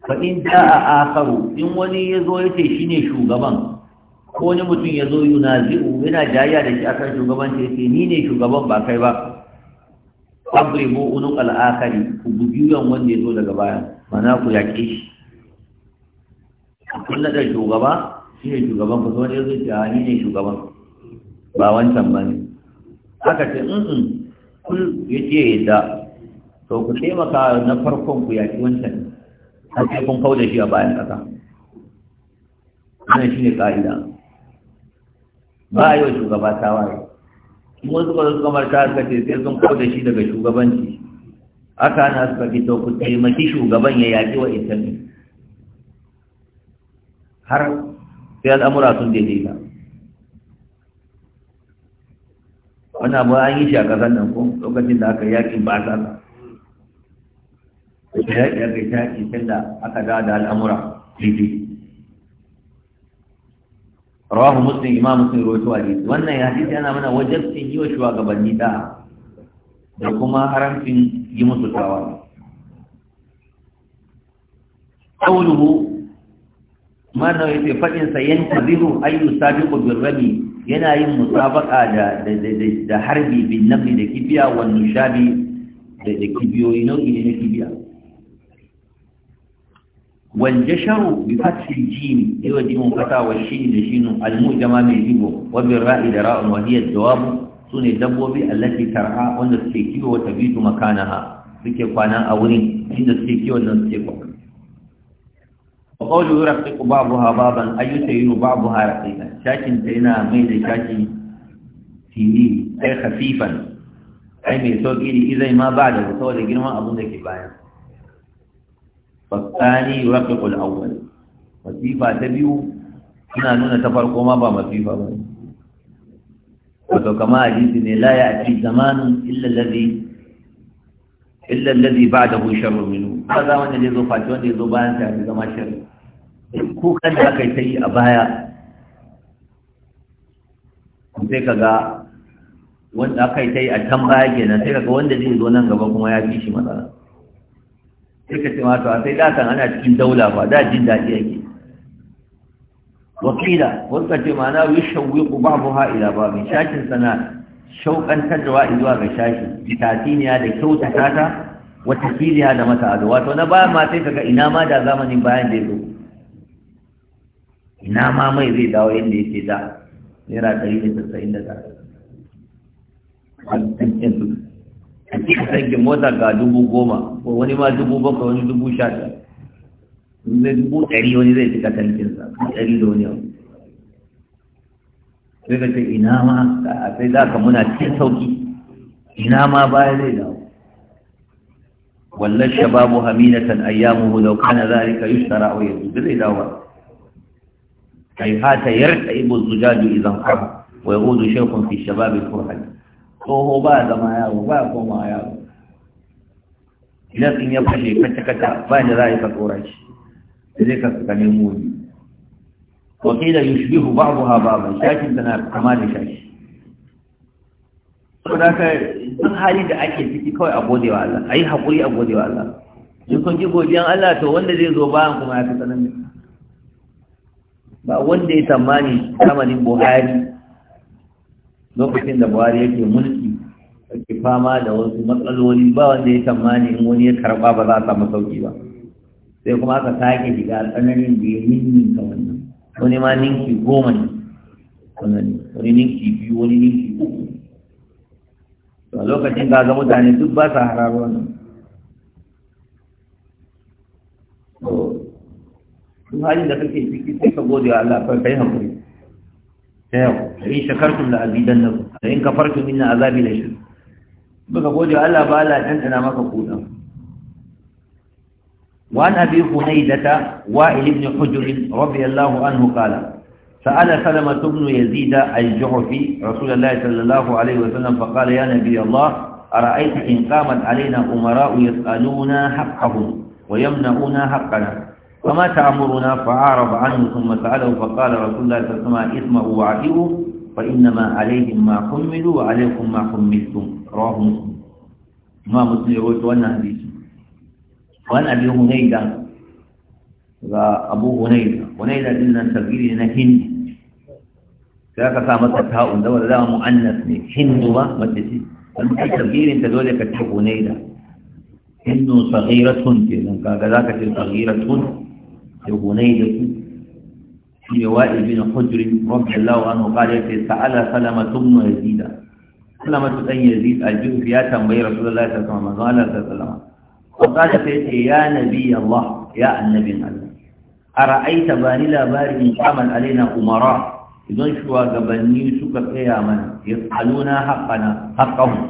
fa in a akaru in wani ya zo ce shi shine shugaban ko wani mutum yazo zi'u yana jayya da shi akan shugaban sai ce ni ne shugaban ba kai ba abribu unu al-akhari ku yan wanda ya zo daga baya mana ku yaƙe shi kun naɗa shugaba shi ne shugaban ku wani yanzu ce ni ne shugaban ba wancan ba ne aka ce in kun ya ce yadda to ku taimaka na farkon ku yaki wancan har sai kun da shi a bayan ƙasa wannan shi ne ƙa'ida ba a shugaba ta waye kuma mun suka zo suka marta suka ce sai sun da shi daga shugabanci aka na suka ce to ku taimaki shugaban ya yaƙi wa ita har sai al'amura sun daidaita wani abu an yi shi a ƙasar nan ko lokacin da aka yaƙi ba ta da yaƙi aka yi yaƙi sai da aka dawo da al'amura daidai rawahu muslim imam muslim rawaito hadisi wannan ya hadisi yana mana wajen yi wa shugabanni da da kuma haramcin yi musu tawa qawluhu imar yake fadin sa yantaziru ay yusabiqu bil rabi yana yin musabaqa da da harbi bin nabi da kibiya wal nushabi da da kibiyoyi nau'i ne na kibiya wal jasharu bi fathil jim yawa jimun fata wa shin da shinun al mujama mai jibo wa bil ra'i da ra'un wa hiya jawab sune dabbobi allati tar'a wanda suke kiwo wa tabitu makanaha suke kwana a wurin inda suke kiwon nan suke kwana wa qawlu yarqiqu babuha baban ayu tayinu babuha raqiqan shakin ta mai da shaki tini ai khafifan ai mai sauki ne idan ma ba da saboda girman abun da ke bayan fasani yarqiqu al-awwal ta biyu suna nuna ta farko ma ba masifa ba wato kama hadisi ne la ya'ti zamanun illa alladhi illa allazi ba'dahu sharru minhu kaza wanda zai zo faci wanda ya zo bayan sa ya zama sharri ko kan da aka yi ta yi a baya sai kaga wanda aka yi ta yi a can baya kenan sai kaga wanda zai zo nan gaba kuma ya fi shi matsala sai ka ce ma to sai da kan ana cikin daula ba da jin dadi yake wakila wanda ce ma na yi shawwiku babu ila babin shakin sana'a shauƙantarwa zuwa ga shashi tasiniya da kyautata tata wata kiliya da mata ado wato na baya ma sai kaga ina ma da zamanin bayan da ya zo ina ma mai zai dawo yadda yake da naira ɗari da tasa'in da tara a cikin sanke mota ga dubu goma ko wani ma dubu bakwai wani dubu sha ɗaya zai dubu ɗari wani zai cika tankinsa ɗari da wani abu sai ka ce ina ma a sai za ka muna cikin sauki ina ma baya zai dawo wallan shababu haminatan ayyamuhu law kana zalika yushtara aw yuzbi zai dawo kai hata yarka ibu zujaju idan qaba wa yaudu shaykhun fi shababi furhan tsoho ba zama yawo ba koma yawo idan in ya fashe kacce-kacce ba da za a yi ka tsora shi sai ka ka nemo ni. wakila yushbihu ba'daha ba'dan shakin tana kama da shaki saboda haka duk hali da ake ciki kawai a gode wa Allah ayi hakuri a gode wa Allah in kun ji godiyan Allah to wanda zai zo bayan kuma ya fi tsanani ba wanda ya tamani zamanin Buhari lokacin da Buhari yake mulki ake fama da wasu matsaloli ba wanda ya tamani in wani ya karba ba za a samu sauki ba sai kuma aka sake shiga tsananin da ya ninninka wannan wani ma ninki goma ne wani ninki biyu wani ninki uku to a lokacin ga mutane duk ba sa hararo wannan duk halin da kake ciki sai ka gode wa Allah kai kai hakuri sai in shakartum la azidan da in kafartum minna azabi la shadid baka gode wa Allah ba Allah dan tana maka kudan وعن أبي حنيده وائل بن حجر رضي الله عنه قال سأل سلمة بن يزيد الجعفي رسول الله صلى الله عليه وسلم فقال يا نبي الله أرأيت إن قامت علينا أمراء يسألون حقهم ويمنعون حقنا فما تأمرنا فعارض عنه ثم سأله فقال رسول الله صلى الله عليه وسلم اسمعوا وعدئوا فإنما عليهم ما حملوا وعليكم ما حملتم رواه مسلم ما مسلم يقول النهدي wani abin hunayda ga abu hunayda hunayda din nan tabiri na hindi sai aka sa masa ta'un da wanda zama mu'annas ne hindu ba wacce ce an ta tabirin ta dole ka ce hunayda hindu sahiratun ke nan kaga za ka ce sahiratun ke hunayda su shi ne wa'i bin hujri rabbi allahu anhu kare ce sa'ala salama tun tumnu yazida salama tu dan yazid a jirfi ya tambayi rasulullahi sallallahu alaihi Salama. "Ya Nabi Allah, ya الله Allah, النبي الله ba ni labari in عمل alaina umara, idan shugabanni suka tsaya mana ya tsaluna haƙana haƙahun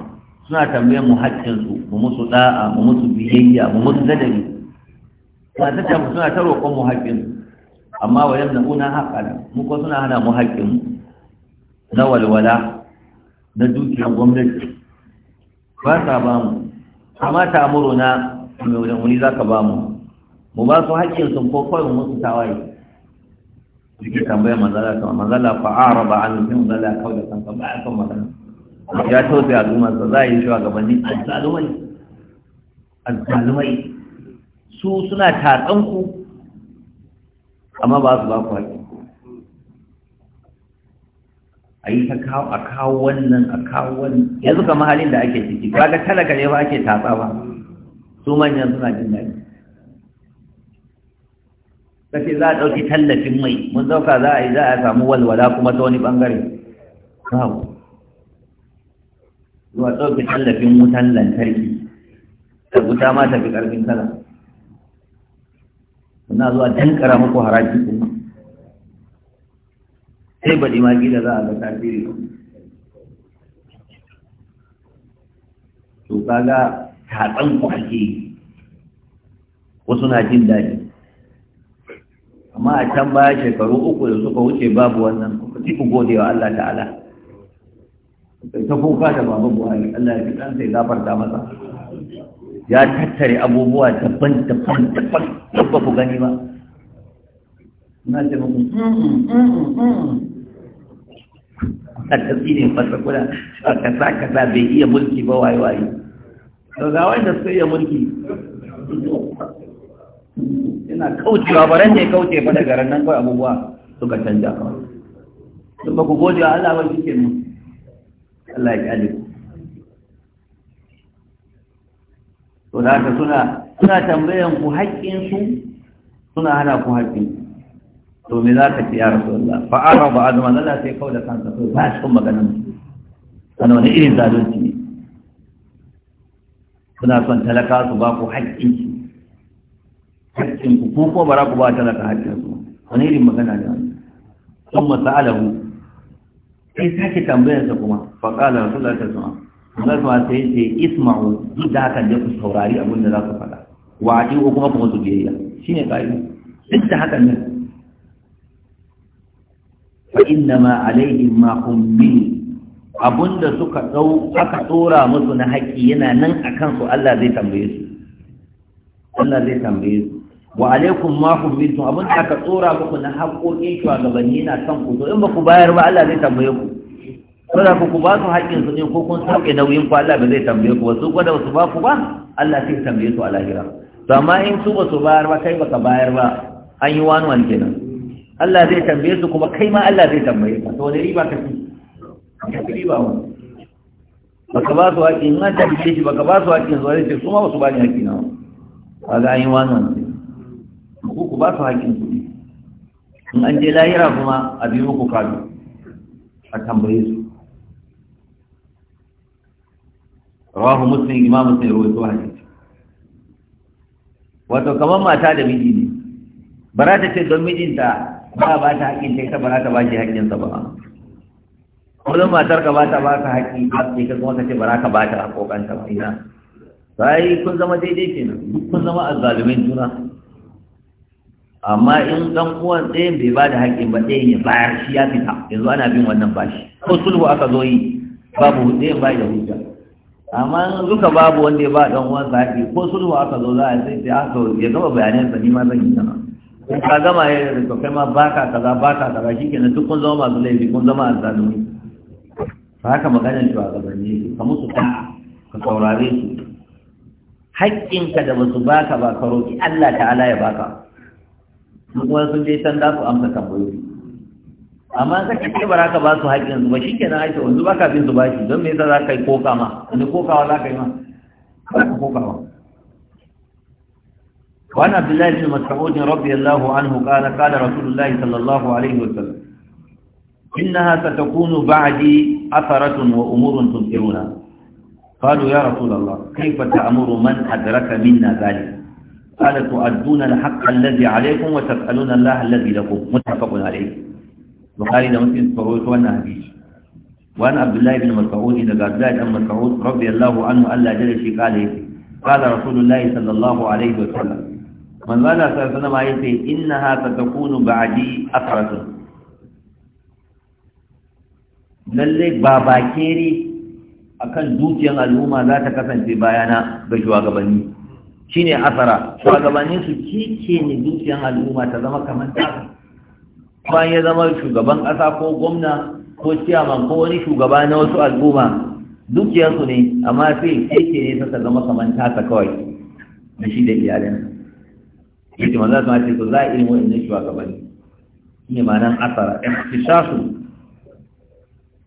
suna tambaye mu haƙƙinsu mu musu ɗa'a mu musu biyayya mu musu gadari. ba ta tamu suna ta roƙon mu haƙƙinsu amma wa yamna una haƙana mu ko suna hana mu haƙƙinmu na walwala na dukiyar gwamnati ba sa ba mu amma ta muruna mai wajen wani za ka ba mu mu ba su haƙƙin sun ko kawai su tawaye suke tambaya manzala ta manzala fa ara ba an sun manzala kawai da kanka ba a kan magana ya tausaya al'umma sa za a yi gaban ni? azzalumai azzalumai su suna tatsan ku amma ba su ba ku haƙƙi a yi ta kawo a kawo wannan a kawo wannan yanzu kama halin da ake ciki kaga talaka ne ba ake tatsa ba su manyan suna jin daɗi kace za a ɗauki tallafin mai mun ɗauka za a yi za a samu walwala kuma ta wani ɓangare kawo zuwa ɗauki tallafin wutan lantarki da wuta ma tafi ƙarfin kala suna zuwa dankara muku haraji kuma sai baɗi ma gida za a ga tasiri to kaga tatsan ku ake yi wasu na jin daɗi amma a can baya shekaru uku da suka wuce babu wannan kuma ci ku gode wa Allah ta'ala ta kuka da babu buhari Allah ya fi ɗansa ya gafarta masa ya tattare abubuwa daban daban daban daban ku gani ba na ce muku a tasiri fasa kuna a kasa kasa bai iya mulki ba waye waye ga da suka iya mulki yana kaucewa baran ne kauce fa daga ran nan kawai abubuwa suka canja kawai sun ba ku gode wa Allah wani ke mu Allah ya kyale ku to da haka suna suna tambayan ku haƙƙin su suna hana ku haƙƙin to me za ka ce ya Allah. fa araba azman Allah sai da kansa to ba shi maganan ana wani irin zalunci ne kuna son talaka su ba ku haƙƙinki haƙƙinku ko ko ba za ku ba talaka haƙƙinsu wani irin magana ne wani sun masalahu sai sake tambayarsa kuma faƙala rasulullah ta zama Allah ta sai ce isma'u duk da haka je ku saurari abin da za su faɗa wa adi'u kuma ku musu biyayya shine ƙa'ida duk da haka ne fa inna ma alaihim ma hum min da suka dau aka tsora musu na haƙi yana nan a kansu Allah zai tambaye su Allah zai tambaye su wa alaikum ma kumbitum abin da aka tsora muku na haƙoƙin shugabanni na san ku to in ba ku bayar ba Allah zai tambaye ku Kada ku ku ba su haƙƙin su ne ko kun sauke nauyin ku Allah ba zai tambaye ku wasu gwada wasu ba ku ba Allah sai tambaye su a lahira to amma in su ba su bayar ba kai baka bayar ba an yi wani wani kenan Allah zai tambaye su kuma kai ma Allah zai tambaye ka to da riba ka ci baka ba su haƙi in an tafi shi baka ba su haƙi su wani ce kuma wasu bani ni haƙi na ba ga an yi wannan ku ku ba su haƙin kuɗi in an je lahira kuma a biyu muku kado a tambaye su rawahu muslim imam muslim rawaito hadisi wato kamar mata da miji ne bara ta ce don mijinta ba ba ta haƙin ta ita bara ta ba shi haƙinsa ba kullum matar ka bata ba ka haƙi haƙi ka kuma kace bara ka bata a ta ba ina sai kun zama daidai kenan duk kun zama azzalumin juna amma in dan uwan ɗaya bai ba da haƙƙi ba ɗaya ya bayar shi ya fita yanzu ana bin wannan bashi ko sulhu aka zo yi babu ɗayan bai da hujja amma in duka babu wanda ya ba dan uwan sa haƙƙi ko sulhu aka zo za a sai sai aka ya gama bayanan sa ni ma zan yi sana in ka gama ya da kai ma baka kaza baka kaza shikenan duk kun zama masu laifi kun zama azzalumin. ba haka maganar shugabanni su ka musu ta'a ka saurare su haƙƙinka da ba su baka ba ka roƙi Allah ta'ala ya baka duk wani sun je san za su amsa tambayoyi amma ka ce ba ka ba su haƙƙin su ba shi kenan aisha wanzu ba ka bin su ba shi don me yasa za ka yi koka ma wani kokawa za ka yi ma za ka kokawa وعن عبد الله بن مسعود رضي الله عنه قال قال رسول الله صلى الله عليه وسلم إنها ستكون بعدي أثرة وأمور تنكرونها قالوا يا رسول الله كيف تأمر من أدرك منا ذلك قال تؤدون الحق الذي عليكم وتسألون الله الذي لكم متفق عليه بخاري ده مسلم سرويت وانا هديش وأن عبد الله بن مسعود إذا قال ذلك أم مسعود رضي الله عنه ألا جل في قال قال رسول الله صلى الله عليه وسلم من قال صلى الله عليه وسلم إنها ستكون بعدي أثرة lallai ba a kan dukiyar al'umma za ta kasance bayana ga shugabanni ne asara shugabanni su kike ne dukiyar al'umma ta zama kamar ta kuma ya zama shugaban ƙasa ko gwamna ko ciyaman ko wani shugaba na wasu al'umma dukiyarsu ne amma sai kike ne ta zama kamar ta kawai da shi da iyalinsa yake manzo ta ce to za a irin wa'annan shugabanni ne nan asara ihtisasu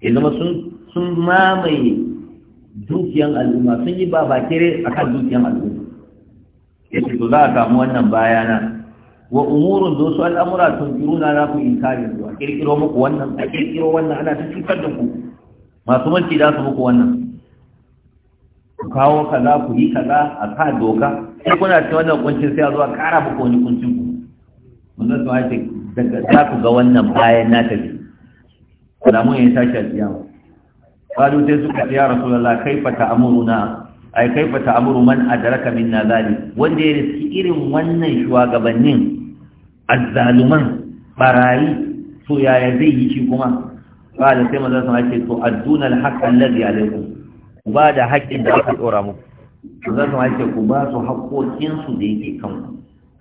ya zama sun mamaye dukiyan al'umma sun yi ba bakire a kan dukiyan al'umma ya ce to za a samu wannan bayana wa umurun da wasu al'amura sun kiro na za ku inkarin su a kirkiro muku wannan a kirkiro wannan ana ta cutar da ku masu mulki za su muku wannan ku kawo kaza ku yi kaza a sa doka sai kuna cikin wannan kuncin sai a zuwa kara muku wani kuncin ku wannan su daga za ku ga wannan bayan na tafi alamun ya tashi alkiyama qalu sai suka ce ya rasulullah kaifa ta'muruna ai kaifa ta'muru man kamin na zali wanda ya riski irin wannan shugabannin azzaluman barayi to yaya zai yi shi kuma qala sai mazan sama ce to adduna al-haqqa alladhi Ku ba da haƙƙin da aka tsora muku mazan sama ce ku ba su haƙƙoƙinsu da yake kan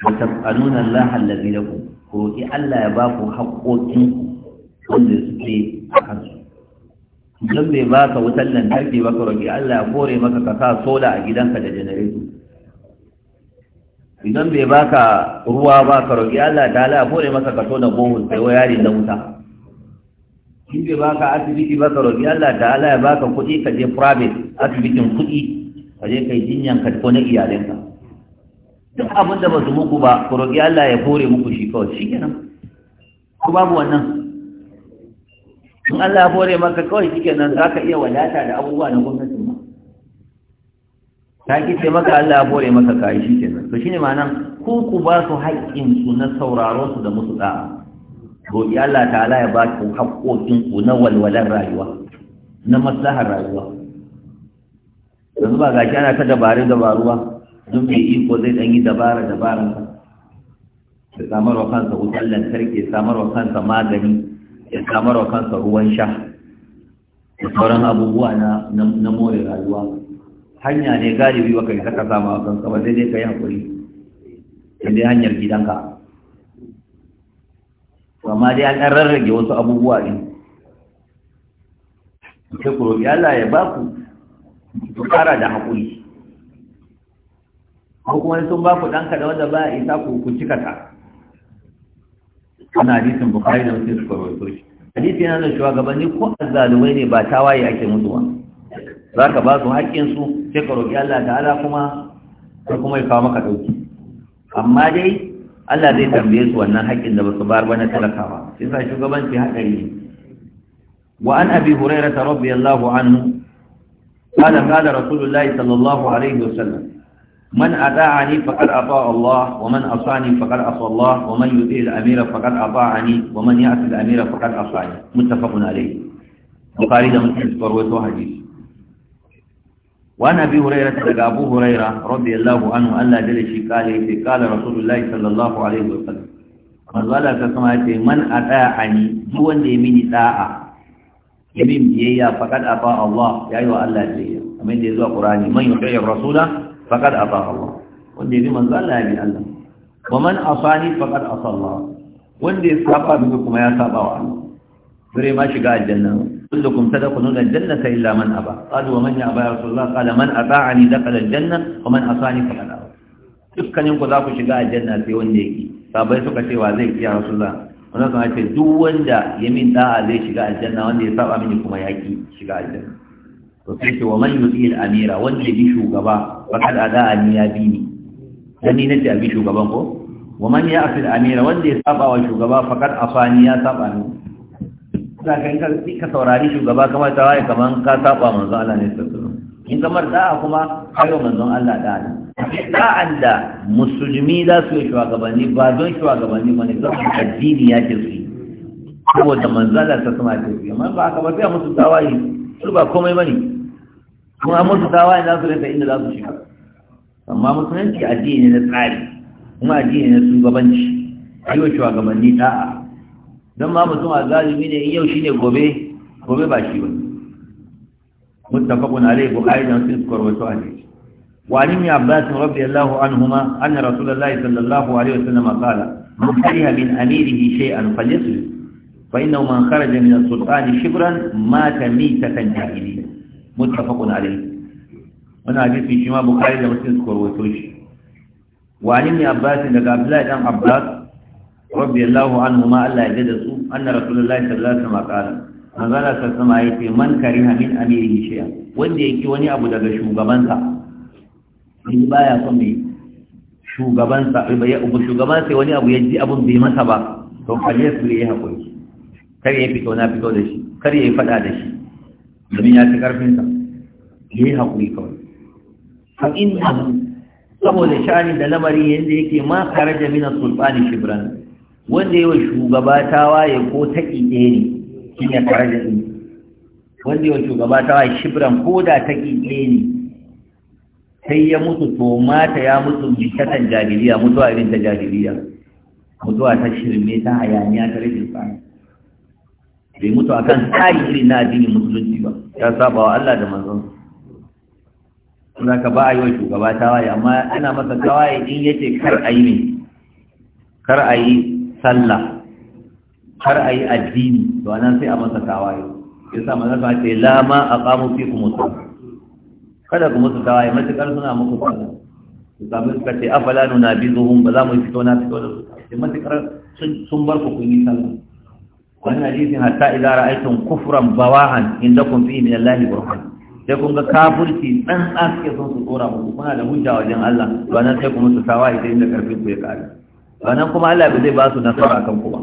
ku wa tas'aluna Allah allazi lakum ku roƙi Allah ya ba ku haƙoƙinku wanda suke a kansu don bai baka wutar lantarki ba ka roƙi Allah ya kore maka ka sa sola a gidanka da janareto idan bai baka ruwa ba ka roƙi Allah ta ya kore maka ka tona bohun sai wa yari da wuta in bai baka asibiti ba ka roƙi Allah ta ya baka kuɗi ka je private asibitin kuɗi ka je kai jinyan ka ko na iyalinka duk abin da ba su muku ba ku roƙi Allah ya kore muku shi kawai shi kenan ku babu wannan in Allah ya hore maka kawai shi kenan za ka iya wadata da abubuwa na gwamnatin ma ta ki ce maka Allah ya hore maka kayi shi kenan to shine nan, ku ku ba su haƙƙin su na sauraron su da musu da'a roƙi Allah ta'ala ya ba ku haƙƙoƙin ku na walwalar rayuwa na maslahar rayuwa yanzu ba gashi ana ta dabaru dabaruwa don mai iko zai ɗan yi dabara dabara ta samarwa kansa wutar lantarki samarwa kansa magani ya samar wa kansa ruwan sha da sauran abubuwa na more rayuwa hanya ne galibi baka yi saka sama a kansa ba sai dai ka yi haƙuri sai dai hanyar gidanka amma dai an rarrage wasu abubuwa ne sai ku roƙi Allah ya ba ku ku ƙara da haƙuri ko kuma sun ba ku ɗan da wanda ba isa ku ku cika ta Ana hadisin bukari da wasu suka rawaito shi hadisi yana da shugabanni ko azzalumai ne ba tawaye ake mutuwa. ba za ka ba su su sai ka roƙi Allah ta'ala kuma sai kuma ya kawo maka ɗauki amma dai Allah zai tambaye su wannan haƙƙin da ba bar ba na talakawa sai sa shugabanci haɗari ne wa an abi hurairata radiyallahu anhu قال قال رسول sallallahu صلى الله من أداعني فقد أطاع الله ومن أصاني فقد أصى الله ومن يطيع الأمير فقد أطاعني ومن يعصي الأمير فقد أصاني متفق عليه البخاري ده مسلم رواه حديث وعن أبي هريرة لقى أبو هريرة رضي الله عنه ألا جل شي قال قال رسول الله صلى الله عليه وسلم من قال كما من أطاعني دون يمين طاعة يمين بيئة فقد أطاع الله يا أيها الله جل ومن ذي القرآن من يطيع الرسول faqad aba Allah wanda yabi manzo Allah ya bi Allah wa man asani faqad asa Allah wanda ya saba bi kuma ya saba wa Allah bare ma shiga aljanna kullukum tadkhuluna aljannata illa man aba qalu wa man aba ya rasulullah qala man ata'ani dakhala aljanna wa man asani faqad aba dukkanin ku za ku shiga aljanna sai wanda yake sabai suka ce wa zai kiya rasulullah wannan sun ce duk wanda ya min da'a zai shiga aljanna wanda ya saba mini kuma yaki shiga aljanna to sai ce wa man yuti al-amira wanda bi shugaba faqad ada an ya bi ni dan ni nace bi shugaban ko wa man afi al-amira wanda ya saba wa shugaba faqad afani ya saba ni zaka in ka saurari shugaba kamar ta waye kaman ka saba manzo Allah ne sallallahu alaihi wasallam in kamar da'a kuma ayo manzon Allah da'a da'an da musulmi za su shugabanni ba don shugabanni ba ne don addini ya ce su saboda manzala ta sama ta yi amma ba ka ba sai musu tawaye su ba komai ba ne ko a ta wani ina su rinka inda za su shiga amma musulunci addini ne na tsari kuma addini na shugabanci a yi wa shugabanni a. don ma mutum a zalimi ne yau shi ne gobe gobe ba shi ba mutafa kuna alai bukari da wasu su korwato a ne wa ni mi abbas rabbi allah an huma anna rasulullah sallallahu alaihi wasallam qala man kariha min amirihi shay'an falyasul fa innahu man kharaja min as-sultani shibran mata mitatan jahiliyya muttafaqun alayhi wani hadisi shi ma bukari da muslim suka rawaito shi wani ne abbas daga abdullahi dan abbas rabbi allah anhu ma allah ya da su anna rasulullahi sallallahu alaihi wasallam qala manzala sassama ya ce man kariha min amiri shiya wanda ya ki wani abu daga shugabansa in baya son mai shugabansa ba shugaban sai wani abu ya ji abun bai masa ba to kaje su ya hakuri kar ya fito na fito da shi kar ya faɗa da shi domin ya ci ƙarfinsa. ya yi haƙuri kawai fa inna saboda shani da lamari yadda yake ma kare da mina sulfani shibran wanda wa shugaba waye ko taki ɗaya ne kare da din wanda wa shugaba waye shibran ko da taki ɗaya ne sai ya mutu to mata ya mutu bishatan jahiliya mutuwa irin ta jahiliya mutuwa ta shirme ta hayaniya ta rashin tsari bai mutu akan tsari irin na addinin musulunci ba ya saba wa Allah da manzon za ka ba a yi wa shugaba tawaye amma ana masa tawaye in yace kar a yi ne kar a yi sallah kar a yi addini to anan sai a masa tawaye ya sa manzon ka ce la ma aqamu fikum sallah kada ku musu tawaye matukar suna muku sallah su samu suka ce afala nuna bizuhum ba za mu fito na fito da su matukar sun bar ku kun yi sallah wannan hadisin hatta idza ra'aytum kufran bawahan indakum fi min Allah burhan sai kun ga kafirci dan suke son su tsora muku kuna da hujja wajen Allah to nan sai kuma su tawa idan inda karfin ku ya kare ba nan kuma Allah bai zai ba su nasara kan ku ba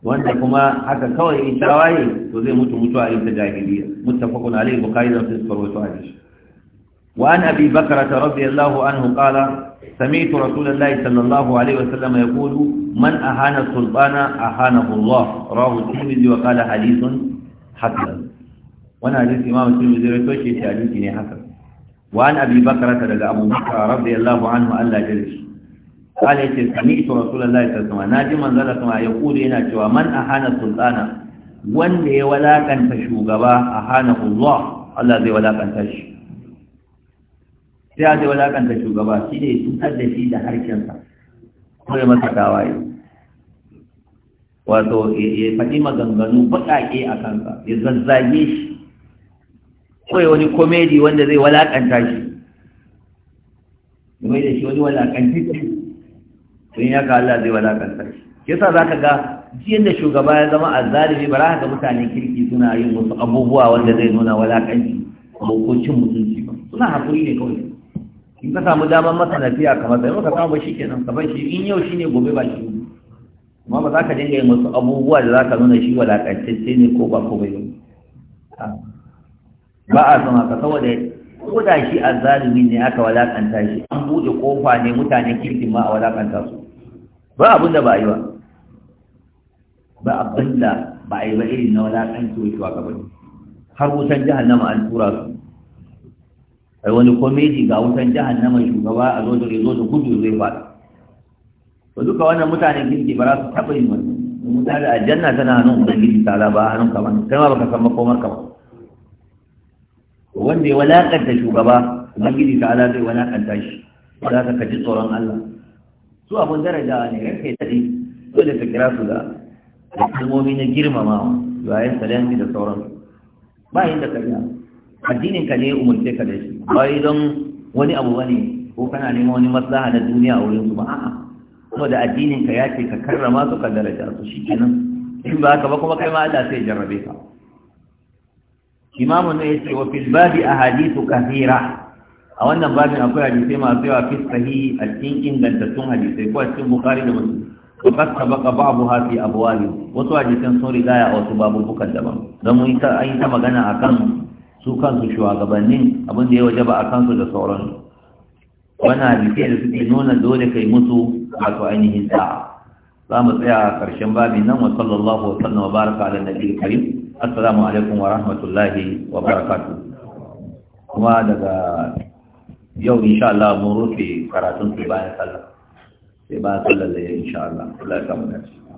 wanda kuma haka kawai in tawaye to zai mutu mutuwa irin ta jahiliya muttafaqun alayhi bukhari da muslim rawaito hadisi وعن أبي بكرة رضي الله عنه قال سمعت رسول الله صلى الله عليه وسلم يقول من أهان السلطان أهانه الله رواه الترمذي وقال حديث حسن وانا حديث إمام الترمذي رتوشي حديث حسن وعن أبي بكرة لدى أبو بكر رضي الله عنه ألا جلس قال سمعت رسول الله صلى الله عليه وسلم ناجما ذلك يقول هنا من أهان السلطان وان لي ولا كان فشوغبا أهانه الله الله ذي ولا كان فشوغبا sai a ce da shugaba shi ne cutar da shi da harshensa kuma masa tawaye wato ya faɗi maganganu baƙaƙe a kansa ya zazzage shi kawai wani komedi wanda zai walakanta shi mai da shi wani walakanta shi sun ya ka Allah zai walakanta shi sa za ka ga jiyan da shugaba ya zama a zalibi ba za ka mutane kirki suna yin wasu abubuwa wanda zai nuna walakanci ko cin mutunci ba suna haƙuri ne kawai in ka samu damar masa nasiya kamar sai maka samu shi kenan ka shi in yau shine gobe ba shi amma ba za ka dinga yin wasu abubuwa da za ka nuna shi walakantacce ne ko ba ko bai ah. ba a son ka saboda ko da shi azzalumi ne aka walakanta shi an buɗe kofa ne mutanen kirkin ma a walakanta su ba abin da ba yi ba ba abin da ba a yi ba irin na walakanci wasu a gaba har wutan nama an tura su ai wani komedi ga wutan jahannama shugaba a zo da rezo da gudu zai ba to duka wannan mutanen kirki ba za su taɓa yin wannan mutane janna tana hannun ubangiji ta ba hannun ka kai ma baka san makomar kama ba wanda ya walakanta shugaba ubangiji ta ala zai walakanta shi ba za ka kaji tsoron Allah su abun daraja ne ranka ya taɗi dole ka kira su da kalmomi na girmamawa yayin salamu da sauransu. ba yin da kariya addinin ka ne ya umarce ka da shi ba don wani abu bane ko kana neman wani maslaha na duniya a wurin su ba a'a kuma da addinin ka ya ce ka karrama su ka daraja su shikenan in ba haka ba kuma kai ma Allah sai jarrabe ka imamu ne yace wa fil babi ahadithu kathira a wannan babin akwai hadisai masu yawa fi sahihi a cikin ingantattun hadisai ko a cikin bukhari da muslim وقد سبق بعضها sun أبوابه وتواجه سنصوري لا يأوت باب بكر دبا دمو ta magana akan su kansu shugabannin abin da ya waje ba a kansu da sauran wani hadisai da suke nuna dole kai musu wato ainihin da za mu tsaya a ƙarshen babin nan wa sallallahu wa sallam wa baraka ala nabi karim assalamu alaikum wa rahmatullahi wa barakatu. kuma daga yau insha Allah mun rufe karatun su bayan sallah sai bayan sallah da insha Allah Allah ya samu